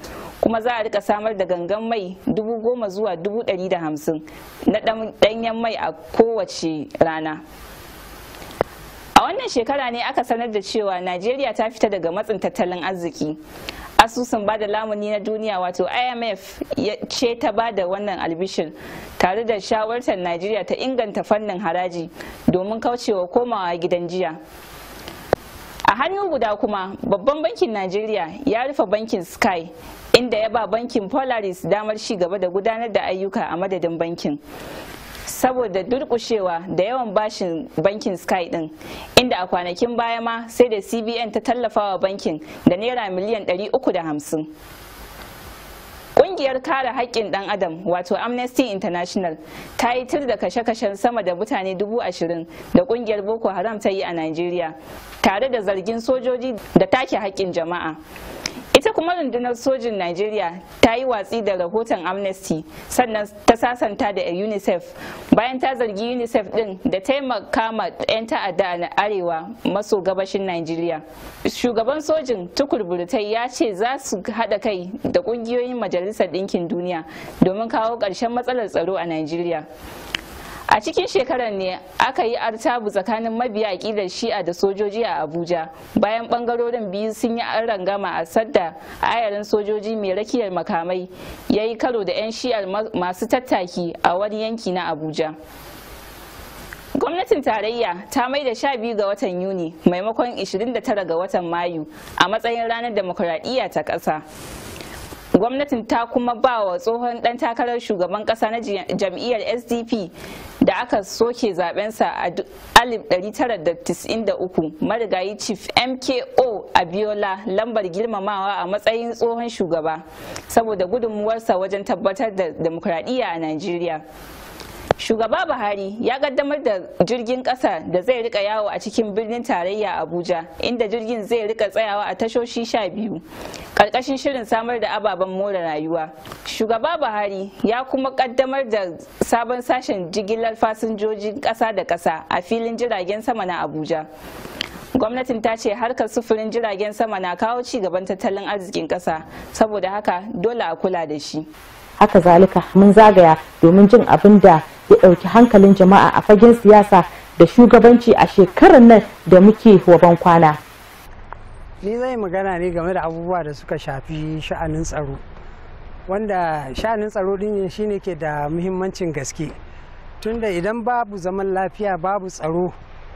kuma za a rika samar da gangan mai 10,000 zuwa 150 na danyen mai a kowace rana a wannan shekara ne aka sanar da cewa najeriya ta fita daga matsin tattalin arziki asusun bada lamuni na duniya wato imf ce ta bada wannan albishin tare da shawartar najeriya ta inganta fannin haraji domin kaucewa komawa gidan jiya a hannu guda kuma babban bankin nigeria ya rufe bankin sky inda ya ba bankin polaris damar ci gaba da gudanar da ayyuka a madadin bankin saboda durkushewa da yawan bashin bankin sky din inda a kwanakin baya ma sai da cbn ta tallafa wa bankin da naira miliyan 350 Ƙungiyar kare haƙƙin ɗan adam wato Amnesty International ta yi tir da kashe-kashen sama da mutane dubu ashirin da ƙungiyar Boko Haram ta yi a Najeriya tare da zargin sojoji da take haƙƙin jama'a. ita kuma rundunar sojin najeriya ta yi watsi da rahoton amnesty sannan ta sasanta da unicef bayan ta zargi unicef din da taimaka ma 'yan ta'adda na arewa maso gabashin najeriya shugaban sojin tukur burtai ya ce za su haɗa kai da ƙungiyoyin majalisar ɗinkin duniya domin kawo ƙarshen matsalar tsaro a najeriya a cikin shekarar ne aka yi artabu tsakanin mabiya aƙidar shi'a da sojoji a abuja bayan ɓangarorin biyu sun yi an rangama a sadda ayarin sojoji mai rakiyar makamai ya yi karo da 'yan shi'ar masu tattaki a wani yanki na abuja gwamnatin tarayya ta mai da sha biyu ga watan yuni maimakon 29 ga watan mayu a matsayin ranar demokuraɗiyya ta ƙasa gwamnatin ta kuma ba wa tsohon dan takarar shugaban kasa na jam'iyyar sdp da aka soke zabensa a 1993 marigayi chief mko abiola lambar girmamawa a matsayin tsohon shugaba saboda gudunmuwarsa wajen tabbatar da demokradiyya a nigeria. Shugaba Buhari ya kaddamar da jirgin kasa da zai rika yawo a cikin birnin tarayya Abuja inda jirgin zai rika tsayawa a tashoshi sha biyu karkashin shirin samar da ababen more rayuwa. Shugaba Buhari ya kuma kaddamar da sabon sashen jigilar fasinjojin kasa da kasa a filin jiragen sama na Abuja. gwamnatin ta ce harkar sufurin jiragen sama na kawo ci gaban tattalin arzikin kasa, saboda haka dole a kula da shi haka zalika mun zagaya domin jin abin da ya ɗauki hankalin jama'a a fagen siyasa da shugabanci a shekarar nan da muke waban kwana. ni zai magana ne game da abubuwa da suka shafi sha'anin tsaro wanda sha'anin tsaro din shine ke da muhimmancin gaske tunda idan babu zaman lafiya babu tsaro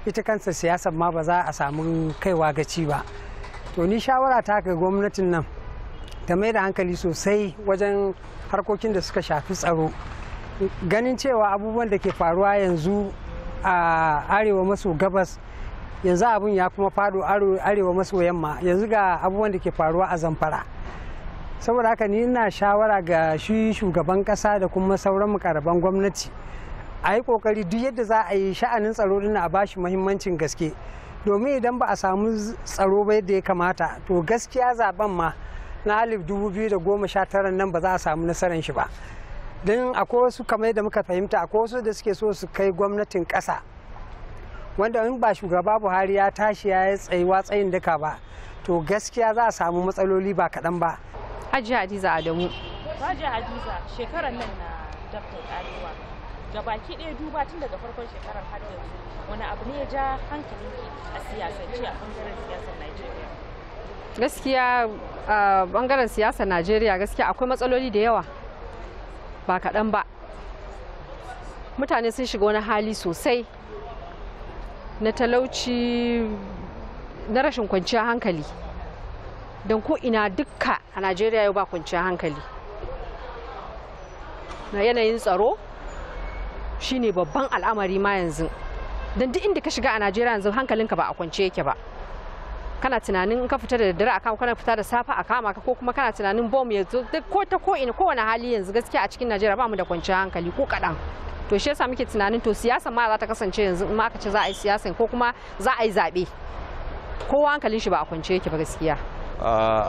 ita kansa siyasar ma ba za a samu kaiwa gaci ba to ni shawara ta ga gwamnatin nan ta mai da hankali sosai wajen harkokin da suka shafi tsaro ganin cewa abubuwan da ke faruwa yanzu a arewa maso gabas yanzu abun ya kuma fado arewa maso yamma yanzu ga abubuwan da ke faruwa a zamfara saboda haka ni ina shawara ga shi shugaban kasa da kuma sauran mukarraban gwamnati a yi kokari duk yadda za a yi sha'anin tsaro din a shi mahimmancin gaske domin idan ba a samu tsaro ba yadda ya kamata to gaskiya zaben ma na alif dubu biyu da goma sha tara nan ba za a samu nasarar shi ba don akwai wasu kamar yadda muka fahimta akwai wasu da suke so su kai gwamnatin ƙasa wanda in ba shugaba buhari ya tashi ya yi tsayuwa tsayin duka ba to gaskiya za a samu matsaloli ba kaɗan ba hajji hadiza adamu hajji hadiza shekarar nan na daftar arewa ga baki ɗaya duba tun daga farkon shekarar har yanzu wani abu ne ya ja hankali a siyasance a bangaren siyasar najeriya gaskiya a bangaren siyasa najeriya gaskiya akwai matsaloli da yawa ba kaɗan ba mutane sun shiga wani hali sosai na talauci na rashin kwanciyar hankali don ko ina dukka a najeriya yau ba kwanciyar hankali na yanayin tsaro shine babban al'amari ma yanzu don duk inda ka shiga a najeriya yanzu hankalinka ba a kwance yake ba kana tunanin ka fita da daddare a kama kana fita da safa a kama ka ko kuma kana tunanin bom ya zo ko ta ko ina kowane hali yanzu gaskiya a cikin Najeriya ba mu da kwanciyar hankali ko kaɗan. to shi yasa muke tunanin to siyasa ma za ta kasance yanzu in aka ce za a yi siyasa ko kuma za a yi zaɓe kowa hankalin shi ba a kwance yake ba gaskiya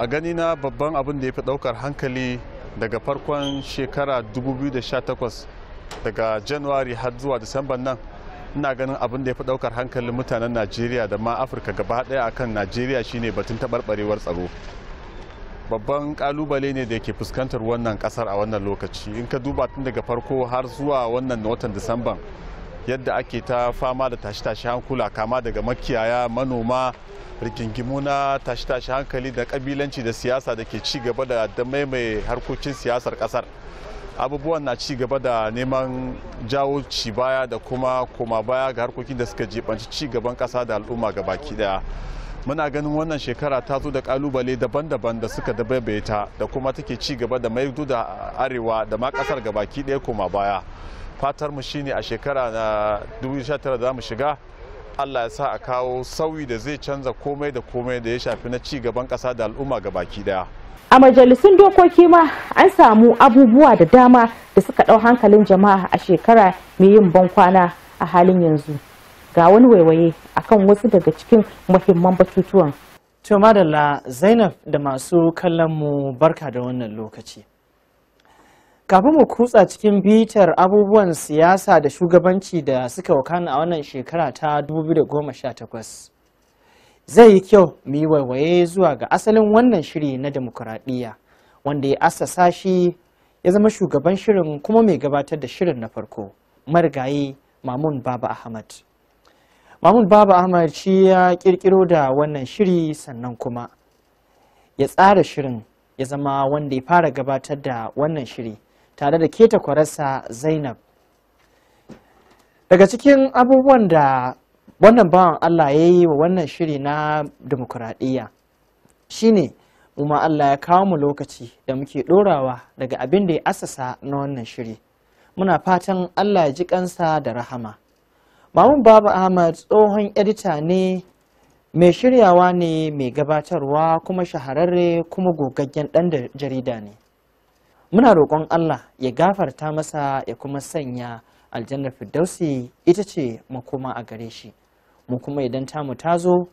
a gani na babban abin da ya fi daukar hankali daga farkon shekara 2018 daga january har zuwa disamban nan ina ganin abin da ya fi daukar hankalin mutanen najeriya da ma afirka gaba daya kan najeriya shine batun taɓarɓarewar tsaro babban kalubale ne da ke fuskantar wannan kasar a wannan lokaci in ka duba tun daga farko har zuwa wannan watan disamban yadda ake ta fama da tashi-tashi hankula kama daga makiyaya manoma rigingimu na tashi-tashi hankali da kabilanci da siyasa da ke ci gaba da maimai harkokin siyasar kasar abubuwan na ci gaba da neman jawo ci baya da kuma koma baya ga harkokin da suka jibanci ci gaban kasa da al'umma ga baki daya muna ganin wannan shekara ta zo da kalubale daban-daban da suka dabaibaye ta da kuma take ci gaba da maido da arewa da ma kasar ga gabaki daya koma baya fatar mu shine a shekara na 2019 za mu shiga allah ya sa a kawo sauyi da zai canza komai da komai da ya shafi na ci gaban kasa da al'umma baki daya. a majalisun dokoki ma an samu abubuwa da dama da suka ɗau hankalin jama'a a shekara mai yin ban kwana a halin yanzu ga wani waiwaye akan wasu daga cikin muhimman batutuwan to madalla zainab da masu kallon mu barka da wannan lokaci kafin mu kutsa cikin bitar abubuwan siyasa da shugabanci da suka wakana a wannan shekara ta 2018 zai yi kyau mu yi waiwaye zuwa ga asalin wannan shiri na demokuraɗiyya wanda ya asasa shi ya zama shugaban shirin kuma mai gabatar da shirin na farko marigayi mamun baba ahmad mamun baba ahmad shi ya kirkiro da wannan shiri sannan kuma ya tsara shirin ya zama wanda ya fara gabatar da wannan shiri tare da keta kwararsa zainab daga cikin abubuwan da wannan bawan Allah ya yi wa wannan shiri na demokuraɗiyya shine mu ma Allah ya kawo mu lokaci da muke ɗorawa daga abin da ya asasa na wannan shiri muna fatan Allah ya ji kansa da rahama Mamun Baba Ahmad tsohon edita ne mai shiryawa ne mai gabatarwa kuma shahararre kuma gogaggen ɗan jarida ne muna roƙon Allah ya gafarta masa ya kuma sanya aljannar firdausi ita ce makoma a gare shi mu kuma idan tamu ta zo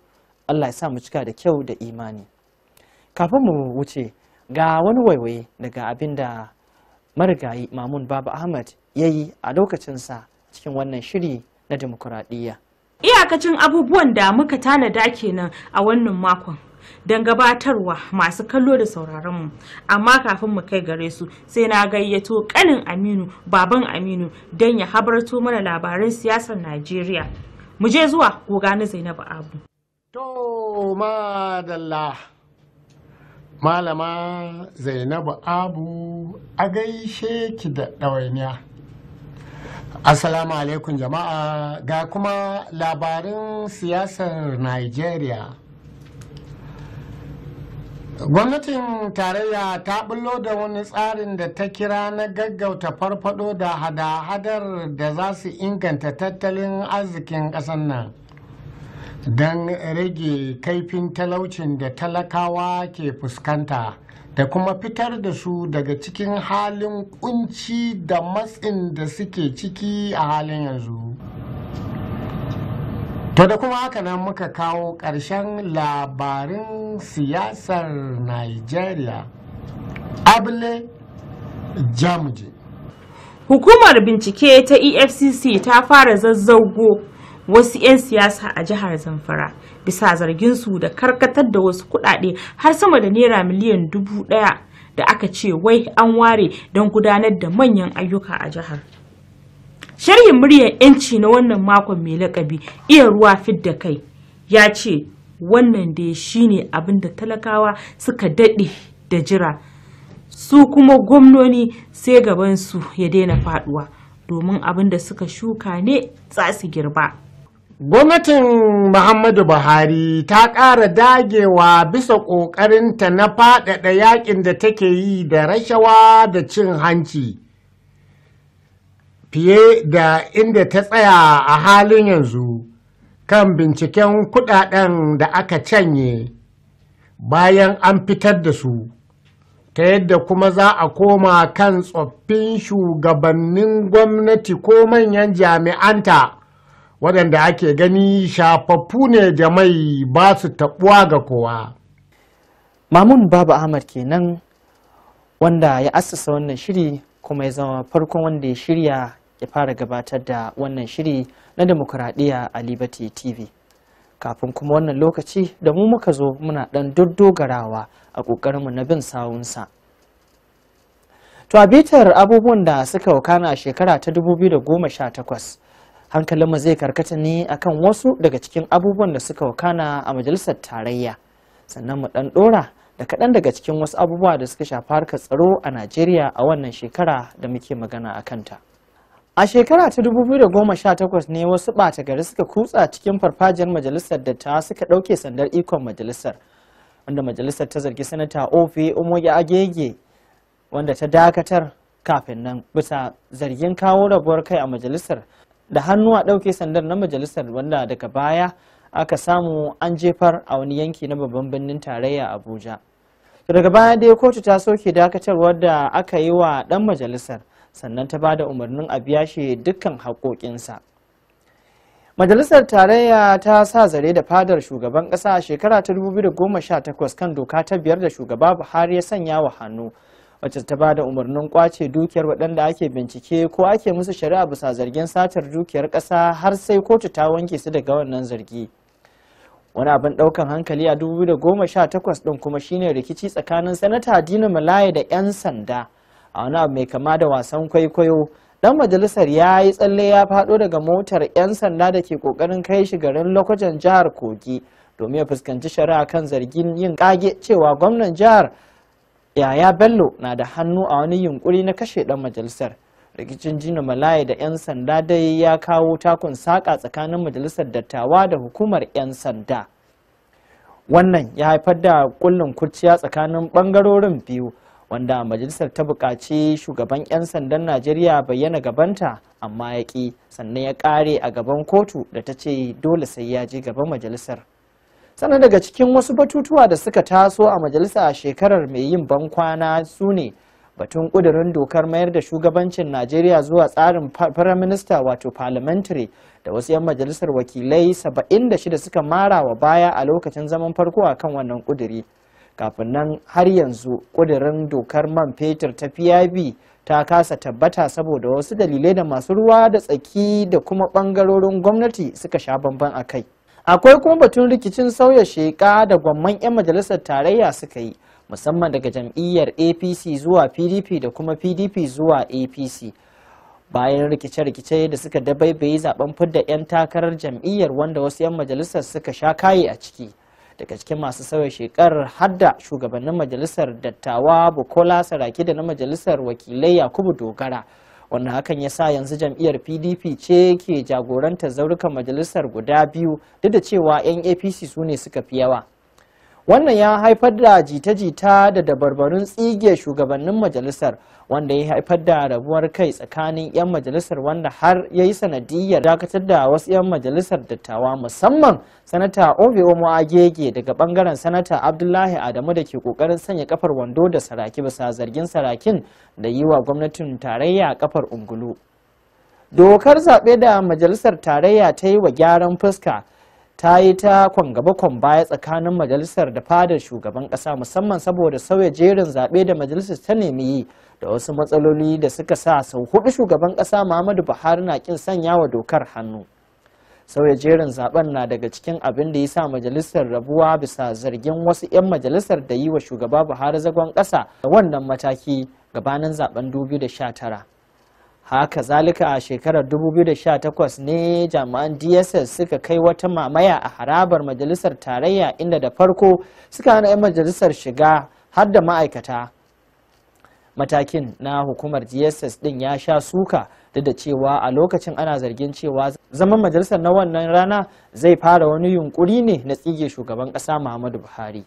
Allah ya sa mu cika da kyau da imani kafin mu wuce ga wani waiwaye daga abin da marigayi mamun baba ahmad ya yi a lokacinsa cikin wannan shiri na demokuraɗiyya iyakacin abubuwan da muka tanada kenan a wannan makon don gabatarwa masu kallo da sauraronmu amma kafin mu kai gare su sai na gayyato kanin aminu baban aminu don ya habarto mana labaran siyasar najeriya mu je zuwa goga na zainabu abu to madalla malama zainabu abu a gaishe ki da ɗawainiya assalamu alaikum jama'a ga kuma labarin siyasar nigeria gwamnatin tarayya ta bullo da wani tsarin da ta kira na gaggauta farfado da hada-hadar da za su inganta tattalin arzikin ƙasar nan don rage kaifin talaucin da talakawa ke fuskanta da kuma fitar da su daga cikin halin kunci da matsin da suke ciki a halin yanzu. To da kuma haka nan muka kawo ƙarshen labarin siyasar Nigeria. Abule Jamuje. Hukumar bincike ta EFCC ta fara zazzago wasu 'yan siyasa a jihar Zamfara bisa zarginsu da karkatar da wasu kuɗaɗe har sama da naira miliyan dubu ɗaya da aka ce wai an ware don gudanar da manyan ayyuka a jihar. Sharhin muryar 'yanci na wannan makon mai lakabi iya ruwa fidda kai ya ce wannan da shi ne abin da talakawa suka daɗe da jira su kuma gwamnoni sai gabansu ya daina faɗuwa domin abin da suka shuka ne za su girba. Gwamnatin Muhammadu Buhari ta ƙara dagewa bisa ƙoƙarinta na faɗaɗa yaƙin da take yi da rashawa da cin hanci. fiye da inda ta tsaya a halin yanzu kan binciken kudaden da aka canye bayan an fitar da su ta yadda kuma za a koma kan tsoffin shugabannin gwamnati ko manyan jami'anta waɗanda ake gani shafaffu ne da mai ba su taɓuwa ga kowa mamun babu ahmad kenan wanda ya assasa wannan shiri kuma ya zama farkon wanda ya shirya ya fara gabatar da wannan shiri na demokuraɗiyya a liberty tv kafin kuma wannan lokaci da mu muka zo muna ɗan dogarawa a ƙoƙarinmu na bin sawunsa to a bitar abubuwan da suka wakana a shekara ta 2018 hankalinmu zai karkata ne akan wasu daga cikin abubuwan da suka wakana a majalisar tarayya sannan mu ɗan ɗora da kaɗan daga cikin wasu abubuwa da suka shafi harkar tsaro a najeriya a wannan shekara da muke magana a kanta a shekara ta 2018 ne wasu ɓata gari suka kutsa cikin farfajiyar majalisar da ta suka ɗauke sandar ikon majalisar wanda majalisar ta zargi sanata ofe umoya agege wanda ta dakatar kafin nan bisa zargin kawo rabuwar kai a majalisar da hannu a ɗauke sandar na majalisar wanda daga baya aka samu an jefar a wani yanki na babban birnin tarayya abuja to daga baya dai kotu ta soke dakatarwar da aka yi wa dan majalisar sannan ta bada umarnin a biya shi dukkan haƙoƙinsa majalisar tarayya ta sa zare da fadar shugaban ƙasa a shekara ta 2018 kan doka ta biyar da shugaba buhari ya sanya wa hannu wacce ta ba da umarnin kwace dukiyar waɗanda ake bincike ko ake musu shari'a bisa zargin satar dukiyar ƙasa har sai kotu ta wanke su daga wannan zargi. wani abin daukan hankali a 2018 din kuma shine rikici tsakanin sanata dina malaya da 'yan sanda a wani abu mai kama da wasan kwaikwayo dan majalisar ya yi tsalle ya fado daga motar 'yan sanda da ke kokarin kai shi garin lokacin jihar kogi domin ya fuskanci shari'a kan zargin yin kage cewa gwamnan jihar yaya bello na da hannu a wani yunkuri na kashe dan majalisar rikicin jina malaya da 'yan sanda dai ya kawo takun saƙa tsakanin majalisar dattawa da hukumar 'yan sanda wannan ya haifar da kullum kurciya tsakanin ɓangarorin biyu wanda majalisar ta buƙaci shugaban 'yan sandan najeriya bayyana gabanta amma ya ƙi sannan ya ƙare a gaban kotu da ta ce dole sai ya je gaban majalisar sannan daga cikin wasu batutuwa da suka taso a majalisa a shekarar mai yin bankwana su ne batun ƙudurin dokar mayar da shugabancin najeriya zuwa tsarin firaminista wato parliamentary da wasu 'yan majalisar wakilai 76 suka mara wa baya a lokacin zaman farko a kan wannan ƙuduri kafin nan har yanzu ƙudurin dokar man fetur ta pib ta kasa tabbata saboda wasu dalilai da masu ruwa da tsaki da kuma ɓangarorin gwamnati suka sha bamban a kai akwai kuma batun rikicin sauya sheƙa da gwamman 'yan majalisar tarayya suka yi musamman daga jam'iyyar apc zuwa pdp da kuma pdp zuwa apc bayan rikice-rikice da suka dabaibaye zaben fidda 'yan takarar jam'iyyar wanda wasu 'yan majalisar suka sha kaye a ciki daga cikin masu sauya shekarar hadda shugabannin majalisar dattawa bukola saraki da na majalisar wakilai yakubu dogara wanda hakan ya sa yanzu jam'iyyar pdp ce ke jagorantar zaurukan majalisar guda biyu duk da cewa 'yan apc su ne suka fi yawa wannan ya haifar da jita-jita da dabarbarun tsige shugabannin majalisar wanda ya haifar da rabuwar kai tsakanin 'yan majalisar wanda har ya yi sanadiyar dakatar da wasu 'yan majalisar dattawa musamman sanata ovio agege daga bangaren sanata abdullahi adamu da ke kokarin sanya kafar wando da saraki bisa zargin sarakin da yi wa gwamnatin tarayya kafar ungulu dokar zaɓe da majalisar tarayya ta yi wa gyaran fuska ta yi ta kwangaba kwan baya tsakanin majalisar da fadar shugaban kasa musamman saboda sauya jerin zaɓe da majalisar ta nemi yi da wasu matsaloli da suka sa sau hudu shugaban kasa muhammadu buhari na kin sanya wa dokar hannu sauya jerin zaben na daga cikin abin da ya sa majalisar rabuwa bisa zargin wasu 'yan majalisar da yi wa shugaba buhari zagon kasa da wannan mataki gabanin zaben 2019 haka zalika a shekarar 2018 ne jami'an dss suka kai wata mamaya a harabar majalisar tarayya inda da farko suka hana 'yan majalisar shiga har da ma'aikata matakin na hukumar dss din ya sha suka duk da cewa a lokacin ana zargin cewa zaman majalisar na wannan rana zai fara wani yunkuri ne na tsige shugaban kasa muhammadu buhari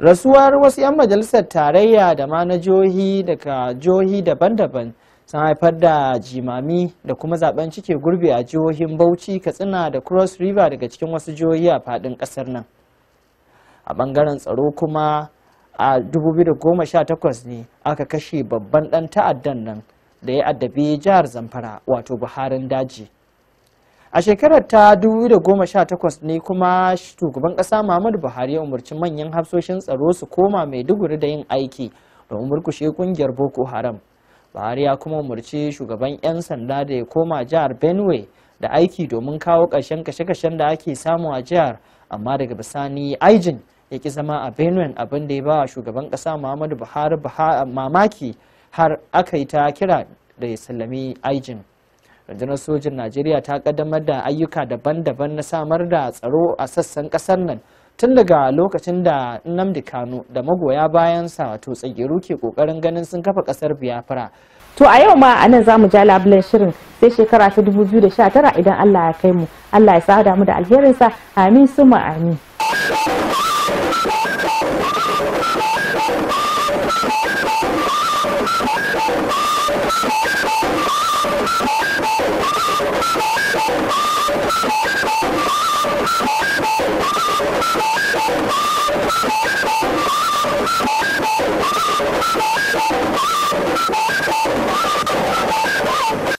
rasuwar wasu 'yan majalisar tarayya da ma na jihohi daga jihohi daban-daban sun haifar da jimami da kuma zaben cike gurbi a jihohin bauchi katsina da cross river daga cikin wasu jihohi a fadin kasar nan a bangaren tsaro kuma a 2018 ne aka kashe babban dan ta'addan nan da ya addabi jihar zamfara wato buharin daji a shekarar ta 2018 ne kuma shugaban kasa muhammadu buhari ya umarci manyan hafsoshin tsaro su koma maiduguri da yin aiki domin murkushe kungiyar boko haram buhari ya kuma umarci shugaban 'yan sanda da ya koma jihar benue da aiki domin kawo ƙarshen kashe-kashen da ake samu a jihar amma daga bisani aijin ya ki zama a benue abin da ya ba shugaban ƙasa muhammadu buhari mamaki har aka yi ta kira da ya sallami aijin rundunar sojin najeriya ta kaddamar da ayyuka daban-daban na samar da tsaro a sassan ƙasar nan tun daga lokacin da Nnamdi Kano da magoya bayansa wato tsagiru ke kokarin ganin sun kafa kasar Biafra. To a yau ma anan zamu ja labulen shirin sai shekara ta 2019 idan Allah ya kai mu. Allah ya sada mu da alherinsa. Amin suma amin. you